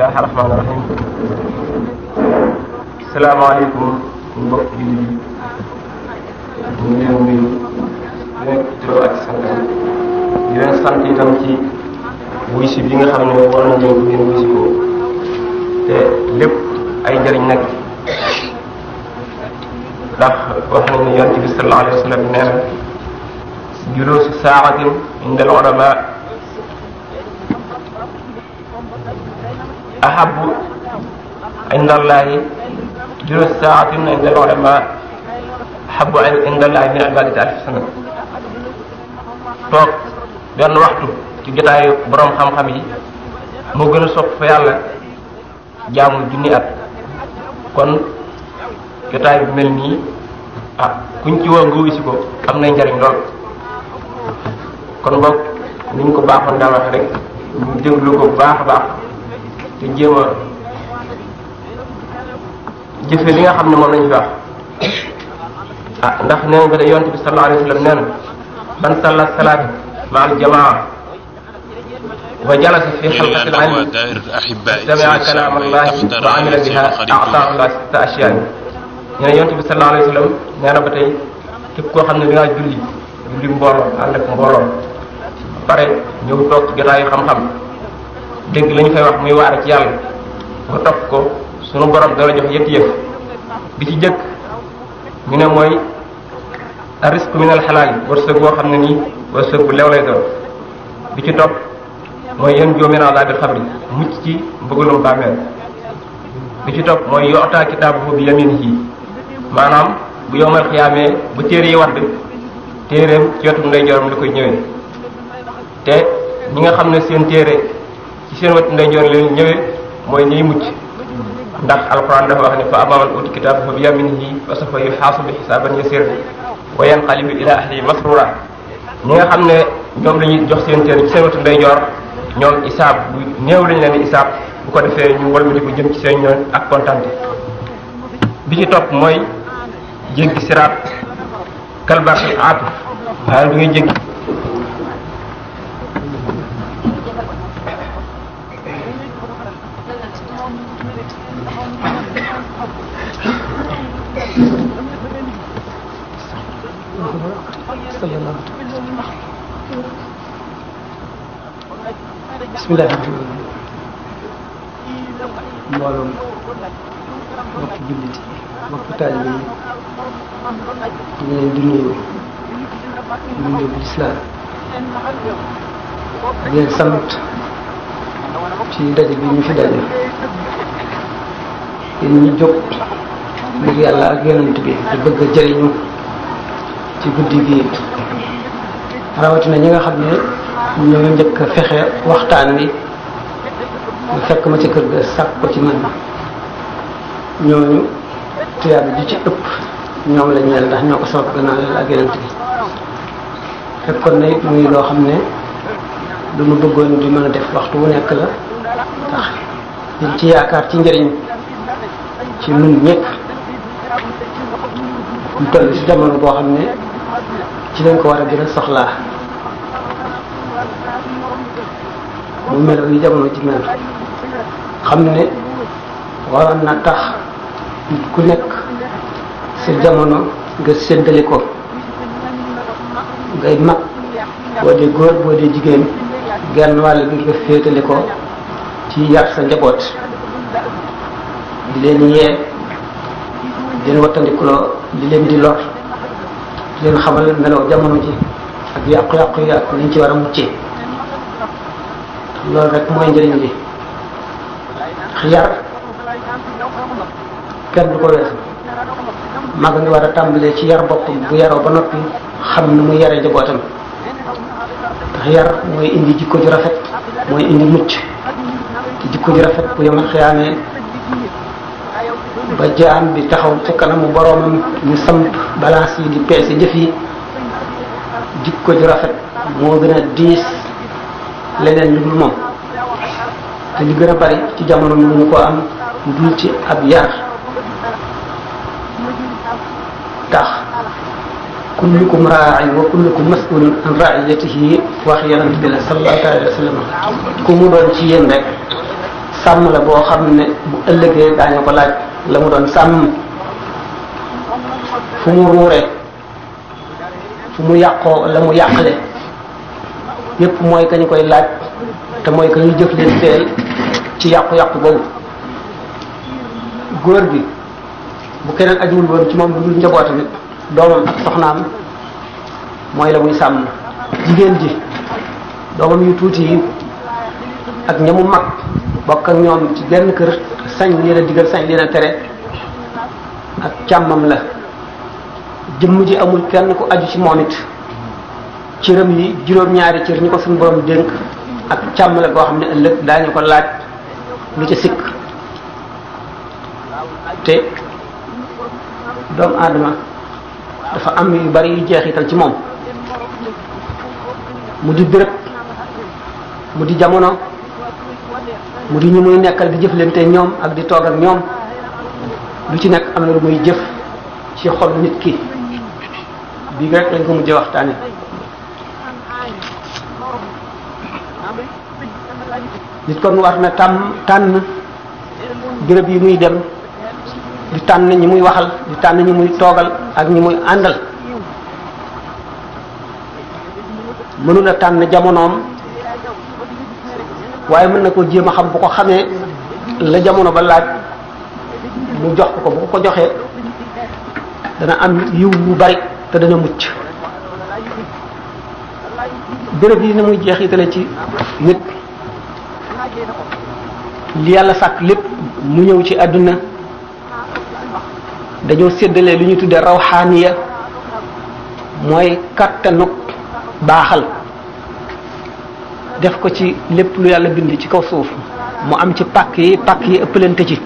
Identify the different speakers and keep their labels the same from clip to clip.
Speaker 1: bismillaahi rahmaani rahiim
Speaker 2: salaamaaleykum mbokk
Speaker 1: yi ñu ngi leen nuyu di leen juróom ak sant di leen sant itam ci wuy si bi nga xam ne war nañ leen ngeen wuy si ko te lépp ay njëriñ nag ndax wax nañ ne yonent bi sallallaahu alayhi wa sallam nee na juróosi saaxatin inda al ulama ahabu inda allahi juróom saatin inda al ulama ahabu inda allahi min ibadati alfi sana toog benn waxtu ci jotaayu borom xam-xam yi moo gën a sopp fa yàlla jaamu junni kon jotaay bu mel nii ah kuñ ci woo nga wisi am nay njariñ lool kon boog ni ñu ko baaxoon daa wax rek ñu déglu ko bu baax a baax te jéem a jëfe li nga xam ne moom lañu fi wax ah ndax nee nañ ko de yonent bi sallallahu alayhi wa sallam nee na man salla salaata ma al jamaa wa jalasa fi xalqati al ilmi samia kalaam allahi wa amila biha ataahu llah sitta ashyaa nee na yonent bi sallallahu alayhi wa sallam nee na ba tey képp koo xam ne da ngaa julli julli mbooloo ànd ak mbooloo pare ñëw toog ci jotaay xam-xam dégg la ñu fay wax muy waare ci yàlla nga topp ko sunu borom dala jox yëpp yëf bi ci jëkk ñu ne mooy risque min al xalaal wërsëg boo xam ne nii wërsëg bu lew lay doon bi ci topp mooy yéen joo min azaabil xabri mucc ci mbëggalum bàmmeel bi ci topp mooy yoxtaa kitaabu bi yamin yi maanaam bu yowmal xiyaamee bu téere yi wadd téereem ci wetu ndeyjooram li koy ñëwee te ñi nga xam ne seen téere ci seen wetu ndeyjoor leen ñëwee mooy ñuy mucc ndax alquran dafa wax ne fa ammaa man uuti kitaabahu fa bi yaminihi fa sawfa yuhaasabu hisaaban yasiira wa yanqalibu ilaa ahlihi masruura ñi nga xam ne ñoom la jox seen téere ci seen wetu ndeyjoor ñoom isaab bu néew lañ leen isaab bu ko defee ñu walbati ko jëm ci seen ñoon ak kontante bi ci topp mooy jéggi siraat kalbaaxil aatu waaye du ngay jéggi
Speaker 3: بسم الله الرحمن الرحيم mbooloom mbokk jullit mbokk taalibe yi ñu leen di nuyu nuyu bu lislaam di leen sant ci bi ñu fi daje yéen ñu jóg ngir yàlla ak yonent bi di bëgg a jëriñu ci guddi gi rawatina ñi nga xam ne ñu njëkk fexe waxtaan wi ñu fekk ma ci kër ga sàkk ko ci man ñooñu tuyaab ju ci ëpp ñoom la ñeel ndax ñoo ko soog gannaaw yàlla ak yonent bi fekkoon na it muy loo xam ne lu mu bëggoon di mën a def waxtu wu nekk la ndax liñ ci yaakaar ci njëriñ ci nun ñëpp ñu toll ci jamono boo xam ne ci lañ ko war a gën a soxlaa mu melaw yi jamono ji mel xam ne waroon na tax ku nekk sa jamono nga séddale ko ngay mag boo dee góor boo dee jigéen genn wàll bi nga féetale ko ci yàq sa njaboot di leen yee di leen wattandikuloo di leen di lor leen xamal melaw jamono ji ak yàq yàq yi ak liñ ci war a muccee loolu rek mooy njëriñ bi xiyar kenn du ko weesu mag mi war a tàmbalee ci yar bopp bu yaroo ba noppi xam ni muy yare njabootam ndax yar mooy indi jikko ju rafet mooy indi mucc jikko ju rafet bu yemal xiyaamee ba jaam bi taxaw ci mu boroomam ñu samp balance yi di peese jëf yi jikko ju rafet moo gën a diis leneen lu dul moom te li gën a bari ci jamono bi mu ko am dul ci ab yar tax kullukum raa'in wa kullukum mas'ulun an ra'iyatihi wax yonent bi la sallallahu alayhi wa sallam ku mu doon la boo xam ne bu ëllëgee daañu ko la mu doon sàmm fu mu ruuree fu mu yàqoo la mu yàqale yépp mooy kañu koy laaj te mooy kañu jëf leen teel ci yàqu-yàqu boobu góor bi bu keneen ajuwul woon ci moom lu dul njabootam doomam ak soxnaam mooy la muy sàmm jigéen ji doomam yu tuuti yi ak ñamu mag bokk ak ñoom ci genn kër sañ leen a digal sañ leen a tere ak càmmam la jëmm ji amul kenn ku aju ci moom it cëram yi juróom-ñaari cër ñu ko suñu borom dénk ak càmm la goo xam ne ëllëg daañu ko laaj lu ci sikk te doomu aadama dafa am yu bari yu jeexital ci moom mu di béréb mu di jamono mu di ñu muy nekkal di jëflante ñoom ak di toog ak ñoom lu ci nekk am na lu muy jëf ci xol nit ki bii rek lañ ko mujjee waxtaane nit kon war na tàmm tànn gërëb yi muy dem di tànn ñi muy waxal di tànn ñi muy toogal ak ñi muy àndal mënu la tànn jamonoom waaye mën na ko jéem a xam bu ko xamee la jamono ba laaj mu jox ko bu ko joxee dana am yiw bu bari te dana mucc gërëb yi ni muy jeexitale ci nit li yàlla sàkk lépp mu ñëw ci àdduna dañoo séddalee lu ñu tuddee rawxaaniya mooy kàttanu baaxal def ko ci lépp lu yàlla bind ci kaw suuf mu am ci pàkk yi pàkk yi ëppalante ci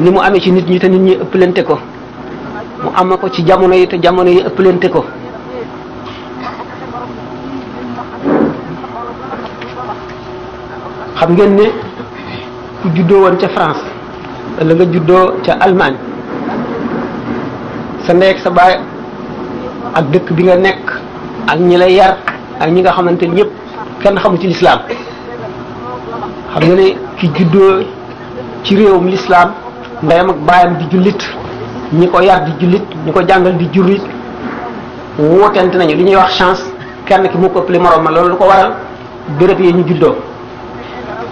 Speaker 3: ni mu amee ci nit ñi te nit ñi ëppalante ko mu amee ko ci jamono yi te jamono yi ëppalante ko xam ngeen ne ku juddoo woon ca France wala nga juddoo ca Allemagne sa ndey ak sa baay ak dëkk bi nga nekk ak ñi lay yar ak ñi nga xamante ni ñëpp kenn xamu ci lislaam xam nga ne ki juddoo ci réewum lislaam ndeyam ak baayam di jullit ñi ko yar di jullit ñi ko jàngal di jullit wootente nañu li ñuy wax chance kenn ki mu ko ëppale moroom ma loolu lu ko waral béréb yi ñu juddoo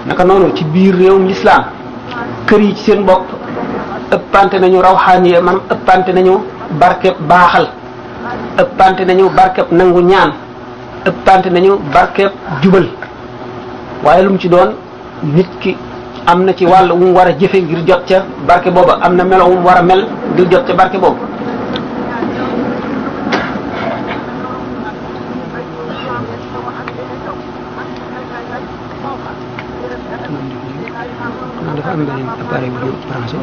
Speaker 3: naka noonu ci biir réewum lislaam kër yi ci seen bopp ëppante nañu rawxaaniye maanaam ëppante nañu barkeb baaxal ëppante nañu barkeb nangu ñaan ëppante nañu barkeb jubal waaye lu mu ci doon nit ki am na ci wàll wu mu war a jëfe ngir jot ca barke booba am na melo wu mu war a mel ngir jot ca barke boobu
Speaker 2: am nga ne appareil bu dul branché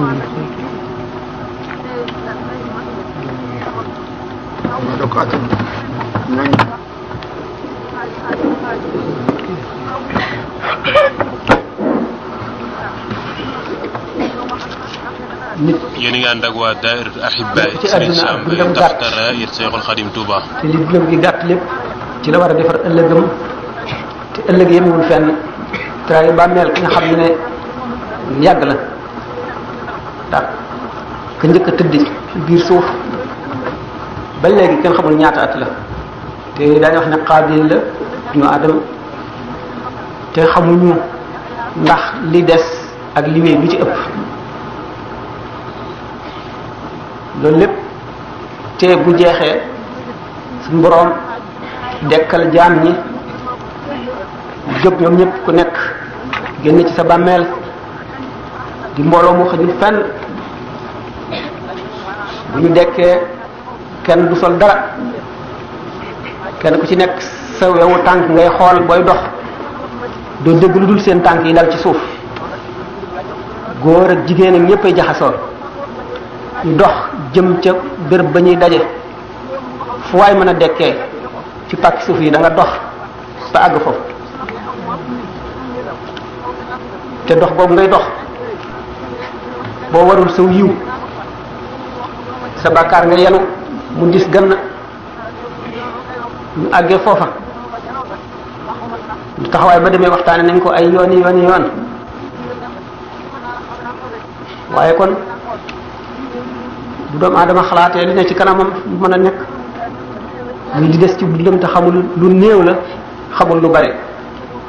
Speaker 2: ma
Speaker 1: da ko attan nañ
Speaker 4: nit yéen a ngi ànd ak waa Daahira Ahibahi Serigne Sam Mbaye Taftara Seyxul Xadim Touba
Speaker 3: te li dundam gi gàtt lépp ci la war a defar ëllëgam te ëllëg yemewul fenn traay bàmmeel ki nga xam ne ne yàgg la ndax ka njëkk a tëdd biir suuf ba léegi kenn xamul ñaata at la te daañu wax ne xaabil la ñu adam te xamuñu ndax li des ak li wéy lu ci ëpp loolu lépp te bu jeexee suñu boroom dekkal jaam ñi jóg ñoom ñëpp ku nekk génne ci sa bàmmeel di mbooloo mu xajul fenn bu ñu dekkee kenn du sol dara kenn ku ci nekk sa wewu tànk ngay xool booy dox doo dégg lu dul seen tànk yi dal ci suuf góor ak jigéen ak ñëppay jaxasoo ñu dox jëm ca bërëb ba ñuy daje fu waay mën a dekkee ci pàkk suuf yi danga dox sa àgg foofu te dox boobu ngay dox boo warul saw yiw sa bàkkaar nga yenu mu dis gann ñu àggee foofa lu taxawaay ba demee waxtaane nañ ko ay yooni yooni yoon waaye kon bu doomu aadama xalaatee li ne ci kanamam mën a nekk muy di des ci dundam te xamul lu néew la xamul lu bare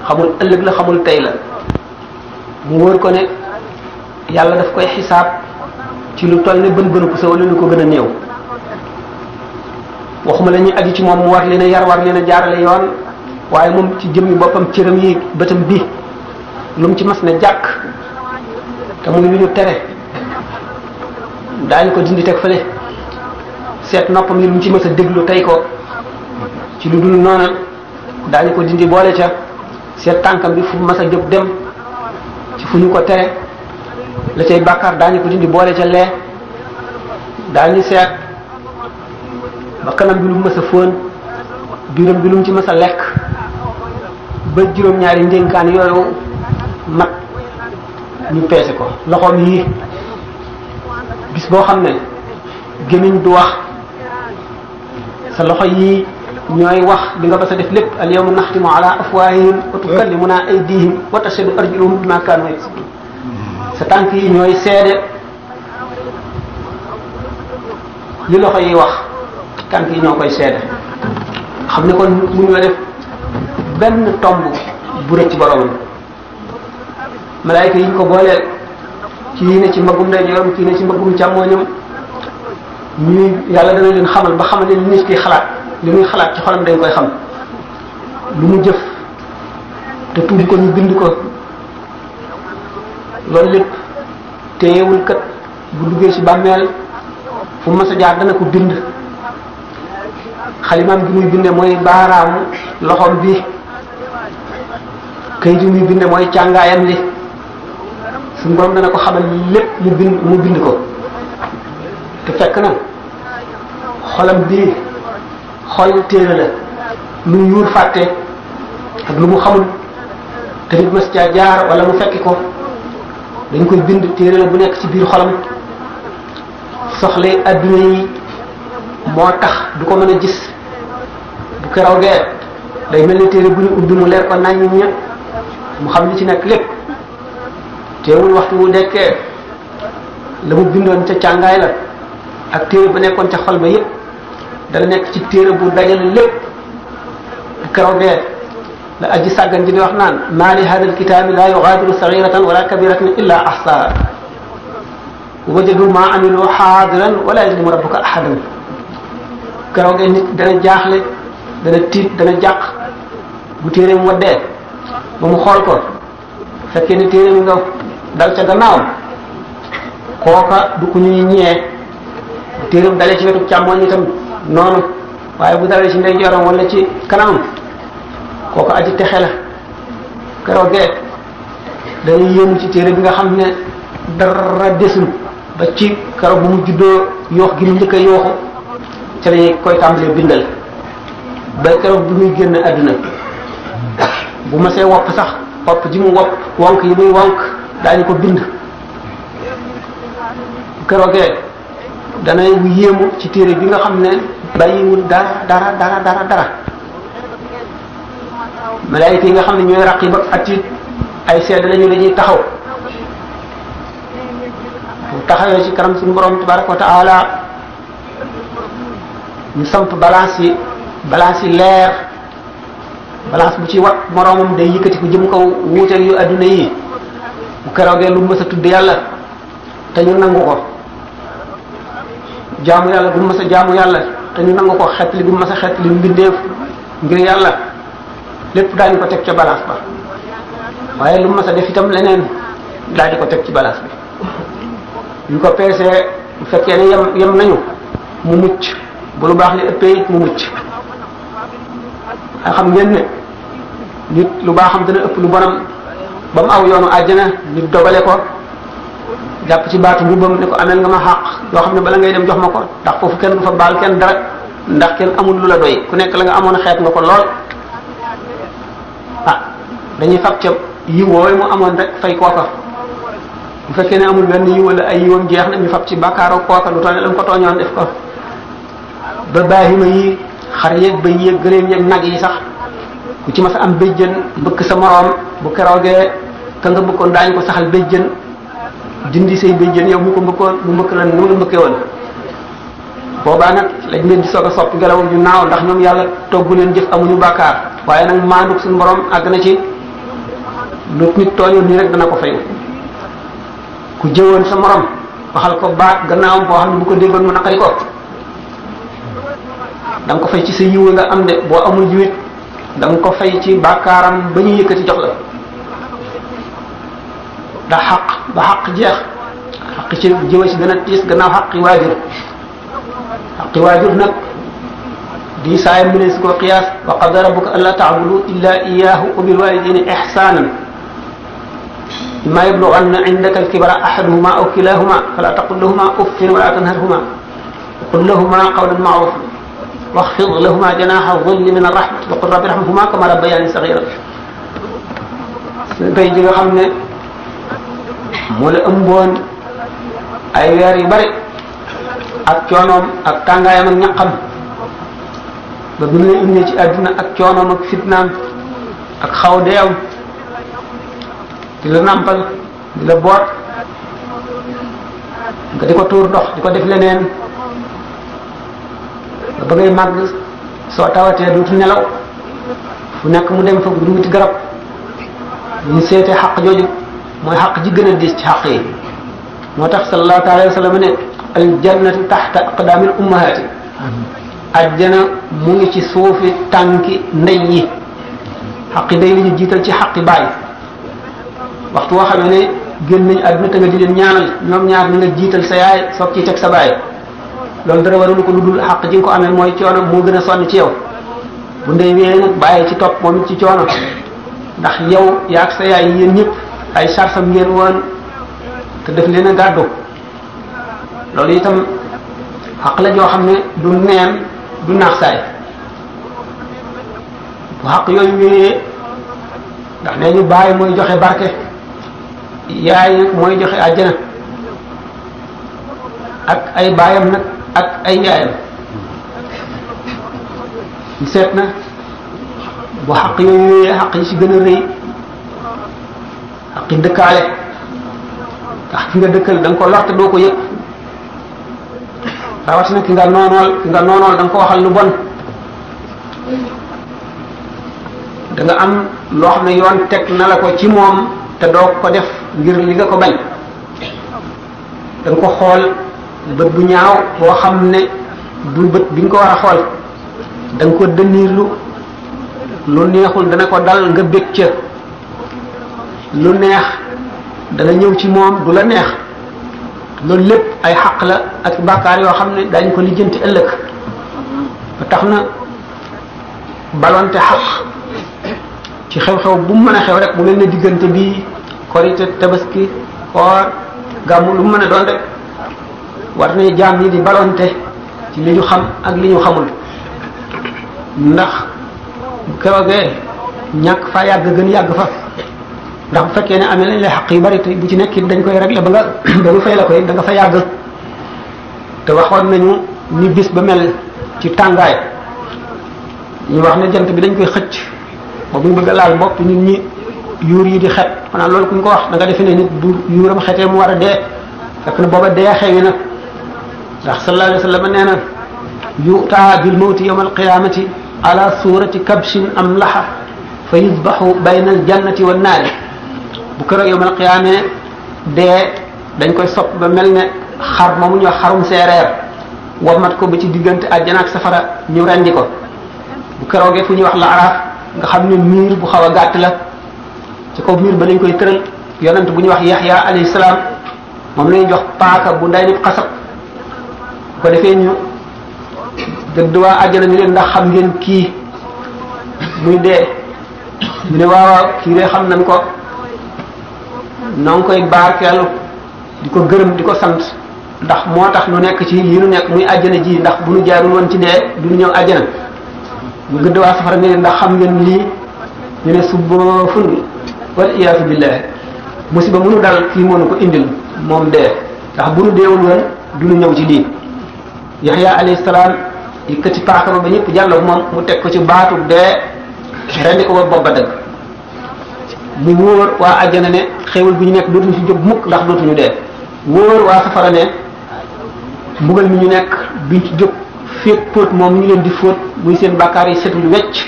Speaker 3: xamul ëllëg la xamul tey la mu wër ko ne yàlla daf koy xisaab ci lu toll ne bën bënu ko sa wala lu ko gën a néew waxuma la ñuy aju ci moom mu war leen a war leen a jaarale yoon waaye moom ci jëmmi boppam cëram yi bëtam bi lu mu ci mas ne jàkk te muy lu ñu tere daañu ko dindi teg fële seet noppam yi lu mu ci mas a déglu tey ko ci lu dul noonu daañu ko dindi boole ca seet tànkam bi fu mas a jóg dem ci fu ñu ko tere la cay bàkkaar daañu ko dindi boole ca lee daañu seet ba kanam bi lu mës fóon biiram bi lu mu ci mës a lekk ba juróom-ñaari ndénkaan yooyu mat ñu peese ko loxoom yi gis boo xam ne gémmiñ du wax sa loxo yi ñooy wax li nga ba sa def lépp al yawma naxtimu ala afwaahihim wa tukallimuna aydihim wa tashhadu arjuluhum bima kaanu yaksibun sa tànk yi ñooy seede li loxo yi wax tànk yi ñoo koy seede xam ne kon mu ñoo def benn tomb bu rëcc boromam malaayka yi ñu ko booleel kii ne ci mbaggum ndeyjooram kii ne ci mbaggum càmmooñam ñuy yàlla dana leen xamal ba xamal ne nit ki xalaat li muy xalaat ci xolam dañ koy xam lu mu jëf te tuub ko ñu bind ko loolu lépp teewul kat bu duggee ci bàmmeel fu mës a dana ko bind xalimaam gi muy binde mooy baaraamu loxoom bi kayit yi muy binde mooy càngaayam li suñu borom dana ko xamal lépp mu bind mu bind ko te fekk na xolam bii xol téere la lu ñuur fàtte ak lu mu xamul te nit mës caa jaar wala mu fekki ko dañ koy bind téere la bu nekk ci biir xolam soxla adduna yi moo tax du ko mën a gis bu keroog gee day mel ni téere bu ñu ubbi mu leer ko nañ ñëpp mu xam li ci nekk lépp teewul waxtu wu nekkee la mu bindoon ca càngaay la ak téere ba nekkoon ca xol ba yépp dana nekk ci téere bu dajale lépp karogee la aji sàggan ji di wax naan maa li hada alkitaabi la yugaadiru saxiratan wala kabiratan illa ahsaha wajadu ma amilu xaadiran wala yadlimu rabbuka ahadan karogee nit dana jaaxle dana tiit dana jàq bu téere mu waddee ba mu xool ko fekkee ni téere mi nga dal ca gannaaw kooka du ko ñuy ñee bu téere mu dalee ci noonu waaye bu dalee ci ndeyjooram walla ci kanamam kooku aji texe la keroog gee dañuy ci téere bi nga xam ne dara desul ba ci keroog bu mu juddoo yoox gi mu njëkk a yooxu ca lañu koy tàmbalee bindal ba keroog bi muy génn àdduna bu ma see wopp sax wopp ji mu wopp wonk yi muy wonk daañu ko bind keroogee danay yéemu ci téere bi nga xam ne bàyyiwul dara dara dara dara dara malaayika yi nga xam ne ñooy raqib ak atiit ay sedd lañu dañuy taxaw bu taxawee ci kanam suñu borom tabaraka wa taala ñu samp balance yi balance yi leer balance bu ci wat moroomam day yëkkati ku jëm kaw wuuteel yu adduna yi bu keroogee lu mës a tudd yàlla te ñu nangu ko jaamu yàlla bu mësa a jaamu yàlla dañu nangu ko xeet li bu mas a xeet li mbindeef ngir yàlla lépp daañu ko teg ca balance ba waaye lu mas a def itam leneen daal di ko teg ci balaas bi ñu ko peesee bu fekkee ne yem yem nañu mu mucc bu lu baax li ëppee it mu mucc a xam ngeen ne nit lu baax xam dana ëpp lu bonam ba aw yoonu àjjana nit dogale ko jàpp ci baatu mbubbam ne ko ameel nga ma xàq yoo xam ne bala ngay dem jox ma ko ndax foofu kenn du fa baal kenn dara ndax kenn amul lu la doy ku nekk la nga amoon xeet nga ko lool ah dañuy fab ca yiw wooyu mu amoon rek fay kooka bu fekkee ne amul benn yiw wala ay yiwam jeex na ñu fab ci bàkkaaroo kooka lu tooñ la ko tooñoon def ko ba baahima yi xar ba yeeg gëléem yeeg nag yi sax ku ci mas a am béjjën mbëkk sa moroom bu keroogee ka nga bëggoon daañu ko saxal jën dindi say bay jën yow mu ko mbëkkoon mu mbëkk la nu la mbëkkee woon boobaa nag lañ leen di soog a soppi ngelaw ñu naaw ndax ñoom yàlla toggu leen jëf amuñu bàkkaar waaye nag maanduk suñu borom àgg na ci lu nit tooñoon nii rek dana ko fay ku jëwoon sa moroom waxal ko baat gannaawam boo xam ne bu ko déggoon mu naqari ko da ko fay ci sa yiw nga am de boo amul jiwit da ko fay ci bàkkaaram ba ñu yëkkati jox la ndax xaq ba xaq jeex xaq ci jëma ci gën a tiis gannaaw xaqi waajur xaqi waajur nag di saayam bi ne si ko qiyaas wa qada rabbuka alla taabudu illa iyahu wa bil walidayni ihsanan imma yablughanna indaka alkibara ahaduhuma aw kilahuma fala taqul lahuma uffin wala tanharhuma qul lahuma qawlan ma'rufan واخفض لهما جناح الظل من الرحمة وقل رب ارحمهما كما ربياني صغيرا tey ji nga xam ne moo la ëmboon ay weer yu bari ak coonoom ak tàngaayam ak ñaqam ba bi mu ci àdduna ak coonoom ak fitnaam ak xaw deew di la nàmpal di la boot nga di ko tuur ndox di ko def leneen nga bëggay màgg soo tawatee dootu nelaw fu nekk mu dem fa du wuti garab ñu seete xaq jooju mooy xaq ji gën a diis ci xaq yi moo tax sallallahu taala alayhi wa sallam ne al jannatu taxta aqdaamil ummahaati ajjana mu ngi ci suufi tànki ndey yi xaqi ndey li ñu jiital ci xaqi baay waxtu woo xam ne génn nañu àdduna te nga di leen ñaanal ñoom ñaar ni nga jiital sa yaay soog ci teg sa baay loolu dara warul ko lu dul xaq ji nga ko amee mooy coono moo gën a sonn ci yow bu ndey wee nag bàyyi ci topp moom it ci coono ndax yow yaak sa yaay yéen ñëpp ay sarfam ngeen woon te def leen a gàddu loolu itam xaq la joo xam ne du neen du naax bu xaq yooyu wéyee ndax nee ñu bàyyi mooy joxe barke yaay nag mooy joxe àjjana ak ay baayam nag ak ay yaayam seet na bu xaq yooyu wéyee xaq yi ci gën a rëy ak ki dëkkaale ndax ki nga dëkkal da nga ko lor te doo ko yëg rawatina ki nga noonool ki nga noonool da ko waxal lu bon danga am loo xam ne yoon teg na la ko ci moom te doo ko def ngir li nga ko bañ da ko xool bët bu ñaaw boo xam ne du bët bi nga ko war a xool da ko dënniirlu lu neexul dana ko dal nga bég lu neex dana ñëw ci moom du la neex loolu lépp ay xaq la ak bàkkaar yoo xam ne dañ ko lijjanti ëllëg ba tax na balonte xaq ci xew-xew bu mu mën a xew rek bu mel ne diggante bi korite tabaski koor gàmmu lu mu mën a doon rek war nañu jaam yi di balonte ci li ñu xam ak li ñu xamul ndax bu keroogee ñàkk fa yàgg gën yàgg fa ndax bu fekkee ne amee lañ lay xaq yu bari te nekk dañ koy régler ba nga ba nga fay la koy fa yàgg te waxoon nañu ni bis ba mel ci tàngaay ñu wax ne jant bi dañ koy xëcc ba bu ñu bëgg a bopp nit ñi yuur yi di xet xanaa lool ku ñu ko wax da nga defe ne nit bu yuuram xetee mu war a dee fekk na booba dee xewi na ndax sallallahu alayhi la sallam nee na yutaa bil mawti yawma alqiyamati ala surati kabshin amlaha fa yusbahu bayna aljannati wannaari bu keroog yow mal xiyaamee dee dañ koy sopp ba mel ne xar mu ñu wax xarum seereer womat ko ba ci diggante àjjana ak safara ñu rendi ko bu keroogee fu ñuy wax la nga xam ne miir bu xaw a gàtt la ci kaw miir ba lañ koy tëral yonent bu ñuy wax yaxya alayhi salaam moom lañuy jox paaka bu nday nit xasab bu ko defee ñu dëdd waa àjjana ñu leen ndax xam ngeen kii muy dee ñu ne waaw kii de xam nañ ko noo ngi koy barkeelu di ko gërëm di ko sant ndax moo tax nu nekk ci lii nu nekk muy àjjana jii ndax bu nu jaarul woon ci dee du ñu ñëw àjjana ñu gëdd waa safara ne ndax xam ngeen nii ñu ne subboofun wal iyaasu billahi musiba mënu dal kii mënu ko indil moom dee ndax bu nu deewul woon du nu ñëw ci lii yaxya alayhi salaam yëkkati paaka ba ba ñëpp jàll moom mu teg ko ci baatu dee rendi ko ba bobba dëgg mu wóor waa àjjana ne xéewal bi ñu nekk dootuñu fi jóg mukk ndax dootuñu dee wóor waa safara ne mbugal mi ñu nekk duñ ci jóg féet póot moom ñu leen di fóot muy seen bàkkaar yi setul wecc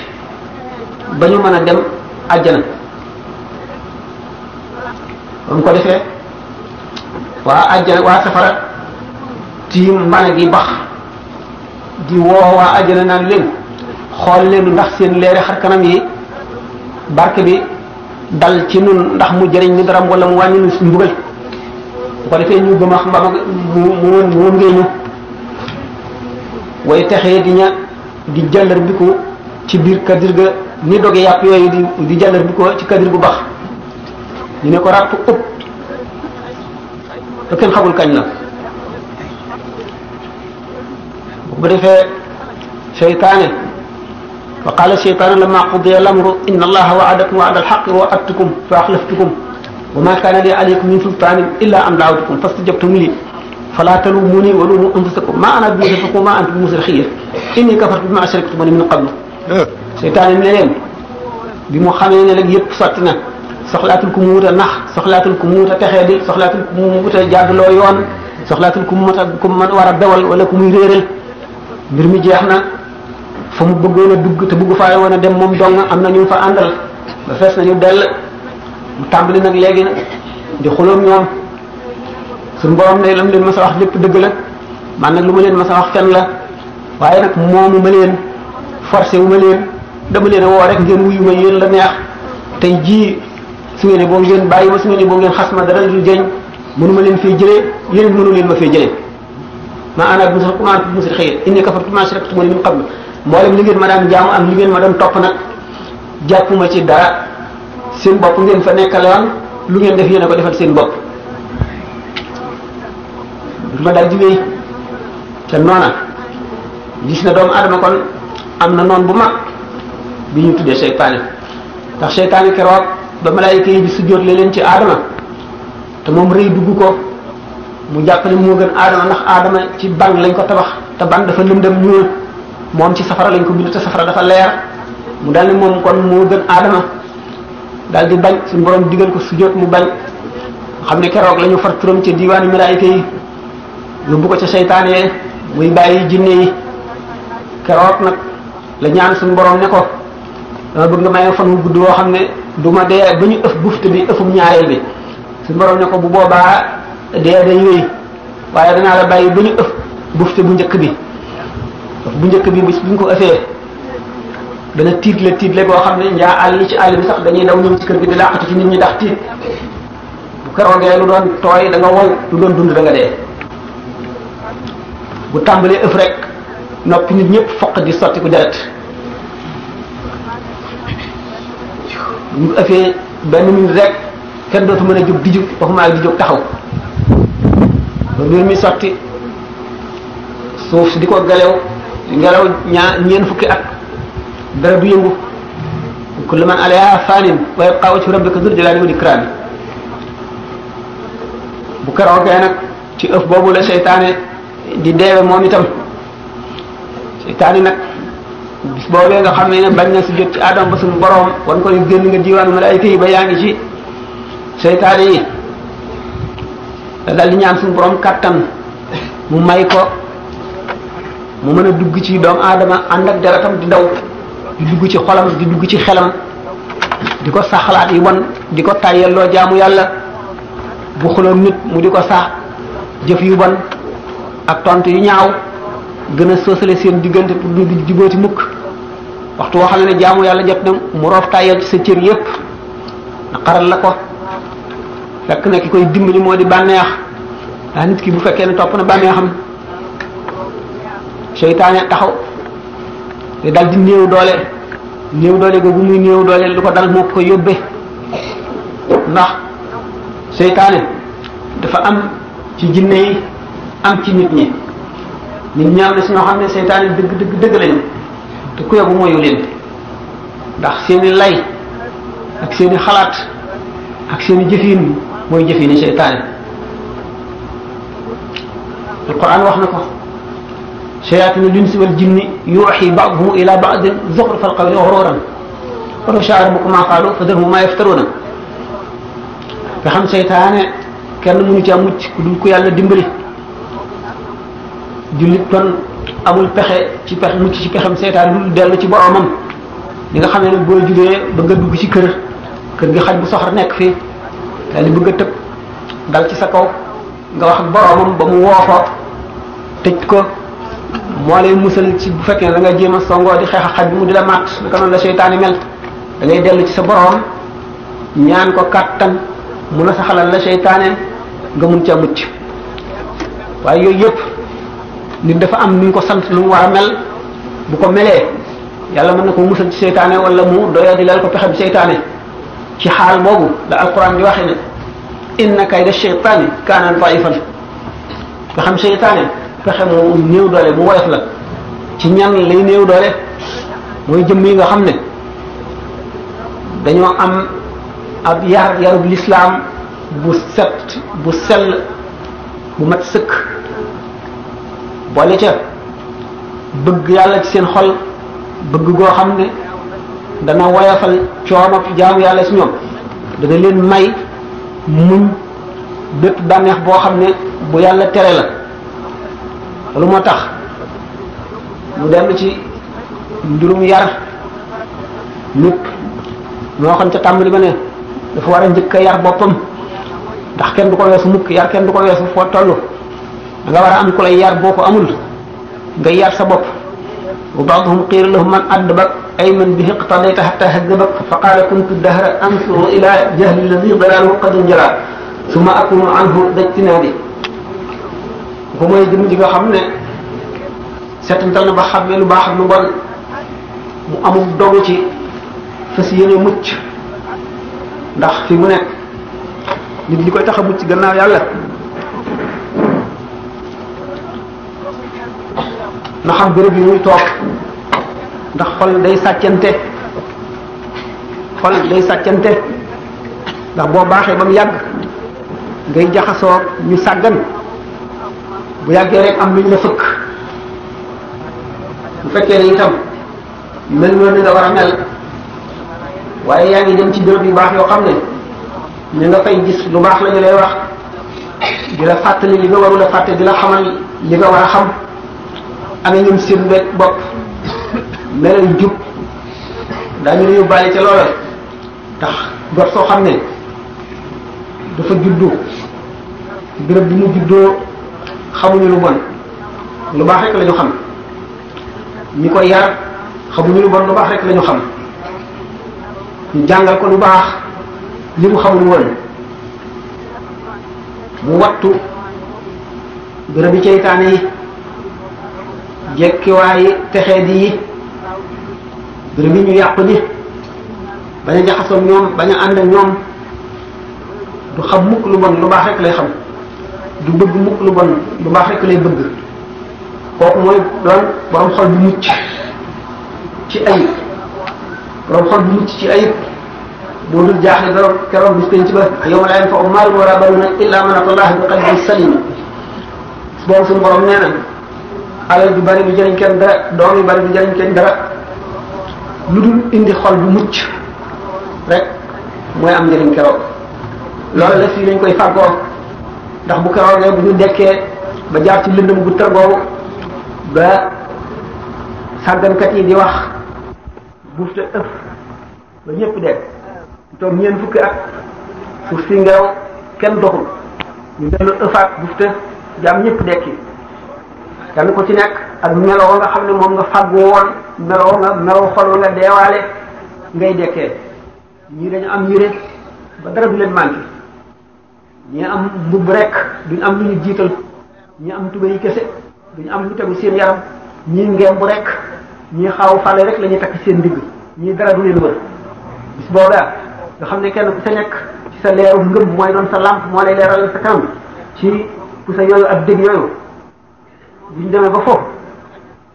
Speaker 3: ba ñu mën a dem àjjana ba ko defee waa àjjana waa safara tiim mane gi bax di woo waa naan leen xool leen ndax seen leere xar kanam yi barke bi dal ci nun ndax mu jëriñ ni dara wala mu wàññi ñu suñu mbugal bu ko defee ñu gëm a xam mu mu mu ngee ñu way texee di ña di jàllar ci biir kadir ga ni doge yàpp yooyu di di ci kadir gu bax ñu ne ko ràpp ëpp te kenn xamul kañ la bu defee seytaane fa qaala seytaanu lammaa qudiya l-amru inna allaha waadakum waada alxaqi wa wa'adtukum fa axlaftukum wa maa kaana li alaykum min sultaanin illaa an da'awtukum fastajabtum lii falaa taluumuunii wa luumuu anfusakum maa ana bi musrikhikum wa maa antum bi musrikhiya innii kafartu bimaa ashraqtumanii min qablu seytaane ne leen bi mu xamee ne nag yëpp sotti na soxlaatul ku mu wut a nax soxlaatul ku mu wut a texee di soxlaatul ku mu wut a jàddloo yoon soxlaatul ku mu mat a ku mu war a dawal wala ku muy réeral mbir mi jeex na fa mu bëggoon a dugg te bëgg faa woon a dem moom dong am na ñu fa àndal ba fees ñu dell mu tàmbali nag léegi nag di xuloom ñoom suñu borom ne na leen ma sa wax lépp dëgg la man nag lu ma leen ma sa wax fen la waaye nag moomu ma leen forcé wu ma leen dama leen a woo rek ngeen wuyu ma yéen la neex tey jii su ngeen boo ngeen bàyyi ma su ngeen ne boo ngeen xas ma dara du jëñ mënu ma leen fay jëlee yéen mënu leen ma fay jëlee ma ana bi musal quran bi musal xëyee inni kafartu ma ashraktum min mboolem li ngeen ma daan jaamu ak li ngeen ma doon topp nag jàppuma ci dara seen bopp ngeen fa nekkaloon lu ngeen def yéen a ko defal seen bopp du ma daal di wéy te noona gis na doomu adama kon am na noon bu mag bi ñu tuddee seytaane ndax seytaane keroog ba malaayika yi di sujjóot leen ci aadama te moom rëy dugg ko mu jàpp ne moo gën aadama ndax aadama ci ban lañ ko tabax te ban dafa lëndëm ñuul moom ci safara lañ ko bind te safara dafa leer mu dal ni moom kon moo gën aadama dal di bañ suñu borom digal ko sujjóot mu bañ xam ne keroog la ñu ci turam ca diwaanu malaayika yi yóbbu ko ci seytaane muy bàyyi jinne yi keroog nag la ñaan suñu borom ne ko dama bëgg nga may fan wu gudd woo xam ne du ma dee ba ñu ëf bufte bi ëfum ñaareel bi suñu borom ne ko bu boobaa dee day wéy waaye danaa la bàyyi ba ñu ëf bufte bu njëkk bi bu njëkk bi bu buñ ko ëffee dana tiitle tiitle boo xam ne njaa àll ci àll bi sax dañuy daw ñëw ci kër gi di laqatu ci nit ñi ndax tiit bu keroogee lu doon tooy da nga wol lu doon dund da nga dee bu tàmbalee ëff rek noppi nit ñëpp foq di sotti ku deret bu ñu ëffee benn minute rek kenn dootu mën a jóg di jóg waxuma ak di jóg taxaw ba mbir mi sotti suuf si di ko galew ngelaw ñaa ñeen fukki at dara du yëngu kullu man alayha fanin wa yabqa wajhu rabbika dhul jalali wal ikram bu keroogee nag ci ëf boobu la seytaane di deewe moom itam seytaane nag bis boobee nga xam ne ne bañ na si jot ci aadama ba suñu boroom wan ko ni génn nga diwaanu malaayika yi ba yaa ngi ci seytaane yi dal di ñaan suñu boroom kàttan mu may ko mu mën a dugg ci doomu aadama ànd ak deretam di daw di dugg ci xolam di dugg ci xelam di ko sax xalaat yi bon di ko loo jaamu yàlla bu xuloon nit mu di ko sax jëf yu bon ak tontu yu ñaaw gën a soosale seen diggante du du jubóoti mukk waxtu woo xam ne jaamu yàlla jot na mu roof tàyyeel ci sa cër yépp naqaral la ko fekk na ki koy dimbali moo di bànneex ndax nit ki bu fekkee ne topp na bànneexam seytaane taxaw te dal di néew doole néew doole googu muy néew doole lu ko dal moo ko yóbbee ndax seytaane dafa am ci jinne yi am ci nit ñi nit ñi am na si ñoo xam ne seytaane dëgg dëgg dëgg lañu te ku yóbbu mooyu leen ndax seeni lay ak seeni xalaat ak seeni jëfin mooy jëfini seytaane alquran wax na ko shayaatiinul insi wal jinni yuuxi ba'duhum ila ba'din zuxrufal qawli ghuruuran wa law shaa'a rabbuka maa qaalu fadharhum maa yaftaruuna nga xam seytaane kenn mënu ci mucc ku dul ku yàlla dimbali jullit kon amul pexe ci pexe mucc ci pexem seytaane lu dul dellu ci boromam li nga xam ne nag boo jugee ba nga dugg ci kër kër gi xaj bu soxor nekk fii daal di bëgg a tëb dal ci sa kaw nga wax ak boromam ba mu woo ko tëj ko moo lay musal ci bu fekkee da nga jéem a songoo di xeex a xaj bi mu di la màtt naka noonu la dellu ci sa borom ñaan ko kàttan mu na sa xalal la seytaane nga mun ca mucc waaye yooyu yëpp nit dafa am nuñ ko sant lu war mel bu ko melee yàlla mun na ko musal ci seytaane wala mu doya di lal ko pexe bi seytaane ci xaal boobu la alquran di waxe ne inna kayda shaytaani kaana daifan nga xam seytaane pexe moomu néew doole mu woyof la ci ñan lay néew doole mooy jëmm yi nga xam ne dañoo am ab yar yarub lislaam bu set bu sell bu mat sëkk boole ca bëgg yàlla ci seen xol bëgg goo xam ne dana woyofal coono jaamu yàlla ci ñoom dana leen may muñ bépp bànneex boo xam ne bu yàlla tere la loolu moo tax mu dellu ci njurum yar nit moo xam ca tàmbali ba ne dafa war a njëkk a yar boppam ndax kenn du ko weesu mukk yar kenn du ko weesu foo toll da nga war a am ku lay yar boo ko amul nga yar sa bopp wa baaduhum qiila lahu man addabak ay man bi iqtadayta hatta haddabak fa qaala kuntu dahra ansuru ila jahli alladi dalaaluhu qad injala summa akunu anhu dajtinaadi ba mooy jëm nga xam ne setantal na ba xam ne lu baax ak lu bon mu amum dogu ci fas yéene mucc ndax fi mu ne nit ñi koy tax a mucc gannaaw yàlla na xam béréb yi muy toog ndax xol day sàccante xol day sàccante ndax boo baaxee ba mu yàgg ngay jaxasoo ñu sàggan bu yàggee rek am luñ la fëkk bu fekkee ne itam mel noonu nga war a mel waaye yaa dem ci béréb yu baax yoo xam ne ñu nga fay gis lu baax la ñu lay wax di la warul fàtte di la xamal li nga war a xam ana ñoom seen mbéy bopp melal jub daañu la yóbbaale ca loola tax gor soo xam ne dafa juddoo béréb bi mu juddoo. xamuñu lu bon lu baax rek lañu xam ñi ko yar xamuñu lu bon lu baax rek la xam ñu jàngal ko lu baax li mu lu woon mu wattu bërëb bi ceytaane yi jekkiwaay texee di yi bërëb yi ñu yàqu ni bañ a jaxasoo ñoom bañ a ànd ñoom du xam mukk lu bon lu baax rek lay xam du bëgg mukk lu bon lu baax rekk lay bëgg kooku mooy doon borom xol bu mucc ci ay borom xol bu mucc ci ayib boo dul jaaxle dara keroog bis penc ba yawma laa yanfa'u maalun walaa banuuna illaa man ataa Allaha bi borom nee na alal ju bari du jëriñ kenn dara doom bari du jëriñ kenn dara lu dul indi xol bu mucc rek mooy am njëriñ keroog loolu la fii lañ koy fàggoo ndax bu karoogee bu ñu dekkee ba jaar ci lëndëm gu tërgoow ba sàggankat yi di wax buuf te ëpp ba ñëpp dee toog ñeen fukki at suuf si kenn doxul ñu dellu ëffaat buuf jaam ñëpp dekki kenn ku ci nekk ak meloo nga xam ne moom nga fàggu woon meloo nga meloo xol deewaale ngay dekkee ñii dañu am yére ba dara du leen manqué ñi am mbubb rek duñ am lu ñu jiital ñi am tubéy kese duñ am lu tegu seen yaram ñi bu rek ñi xaaw fale rek lañuy ñuy takk seen digg ñi dara du leen wër bis boobaa nga xam ne kenn ku sa nekk ci sa leeru ngëm mooy doon sa lamp moo lay leeral sa kanam ci ku sa yooyu ak dég yooyu buñ demee ba foofu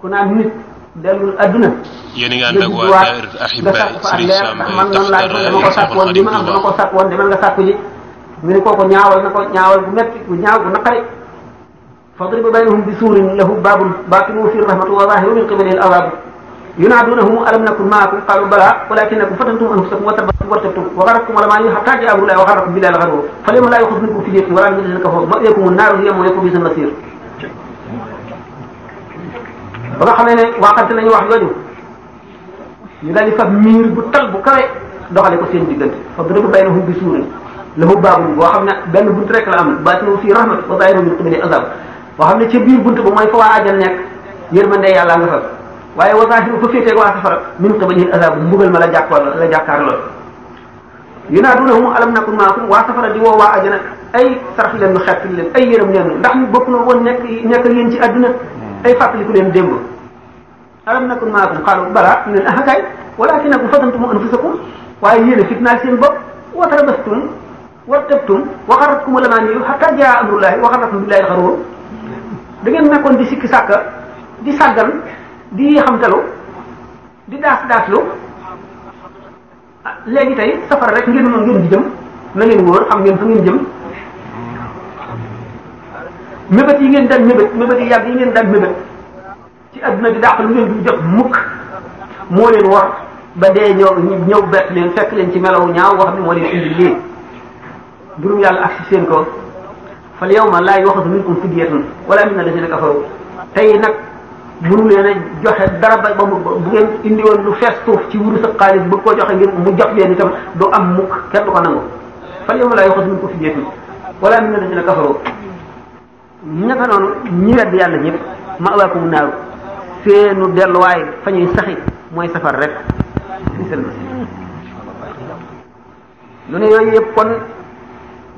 Speaker 3: ku naan nit dellul adduna
Speaker 4: yéen nga ànd ak waa daayira Ahiba Serigne Sam taxtar yéen sa xol xarit bu baax sàkk
Speaker 3: woon demal nga sàkku ji mu ne kooku ñaawal na ko ñaawal bu metti bu ñaaw bu naqari fadribu baynahum bi suurin lahu baabun baatinuhu fi rahmatu wa zaahiruhu min qibalihi al-azaabu yunaaduunahum alam nakun maakum qaalu balaa walaakinnakum fatantum anfusakum wa tartabtum wa gharratkum al-amaaniyyu hattaa jaa amrullaahi wa gharrakum billaahi al-gharuur fal-yawma laa yu'xazu minkum fidyatun wa laa min alladhiina kafaruu ma'waakumu an-naaru hiya mawlaakum bi'sa al-masiir ba nga xamee ne waxante nañu wax jooju ñu daal di fab miir bu tal bu kawe doxale ko seen diggante fadribu baynahum bi suurin la mu baabul boo xam ne benn bunt rek la am baatinu fii rahmat wa zahiruhu min qibali azab boo xam ne ca biir bunt ba mooy fa waa àjjana nekk yërmande yàlla nga fa waaye wa zahiruhu fa féetee waa safara min qibali azab mbugal ma la jàkkoon la jàkkaar lool yunaadunahum alam nakun maakum waa safara di woo waa àjjana ay sarax leen nu xett leen ay yërëm leen ndax ñu bokk na woon nekk nekk yéen ci àdduna ay fàttaliku leen démb alam nakun maakum xaalu balaa ñu ne ah kay walaakinakum fatantum anfusakum waaye yéen a fitnaal seen bopp wa tarabastum wartabtum wa gharratkum al-amaaniyyu hattaa jaa amrullaahi wa gharrakum billaahi al-gharuur da ngeen nekkoon di sikki sàkka di sàggan di xamtalu di daas daaslu léegi tey safara rek ngeen ngeen di jëm na ngeen wóor xam ngeen fa ngeen jëm mébét yi ngeen daan mébét mébét yi yàgg yi ngeen daan ci adduna di dàq lu ngeen di mukk moo leen war ba dee ñëw ñëw bett leen leen ci melaw ñaaw wax jurum yàlla ak si seen kaw fal yawma laa yu'khadhu minkum fidyatun wala min alladhina kafaru tey nag mënu leen a joxe dara ba ba bu indi woon lu fees tuuf ci wurus ak xaalis bëgg koo joxe ngir mu jox leen itam doo am mukk kenn du ko nangu fal yawma laa yu'khadhu minkum fidyatun wala min alladhina kafaru naka noonu ñi wedd yàlla ñëpp ma'waakumu naaru seenu delluwaay fa ñuy saxi mooy safar rek lu ne yooyu yëpp kon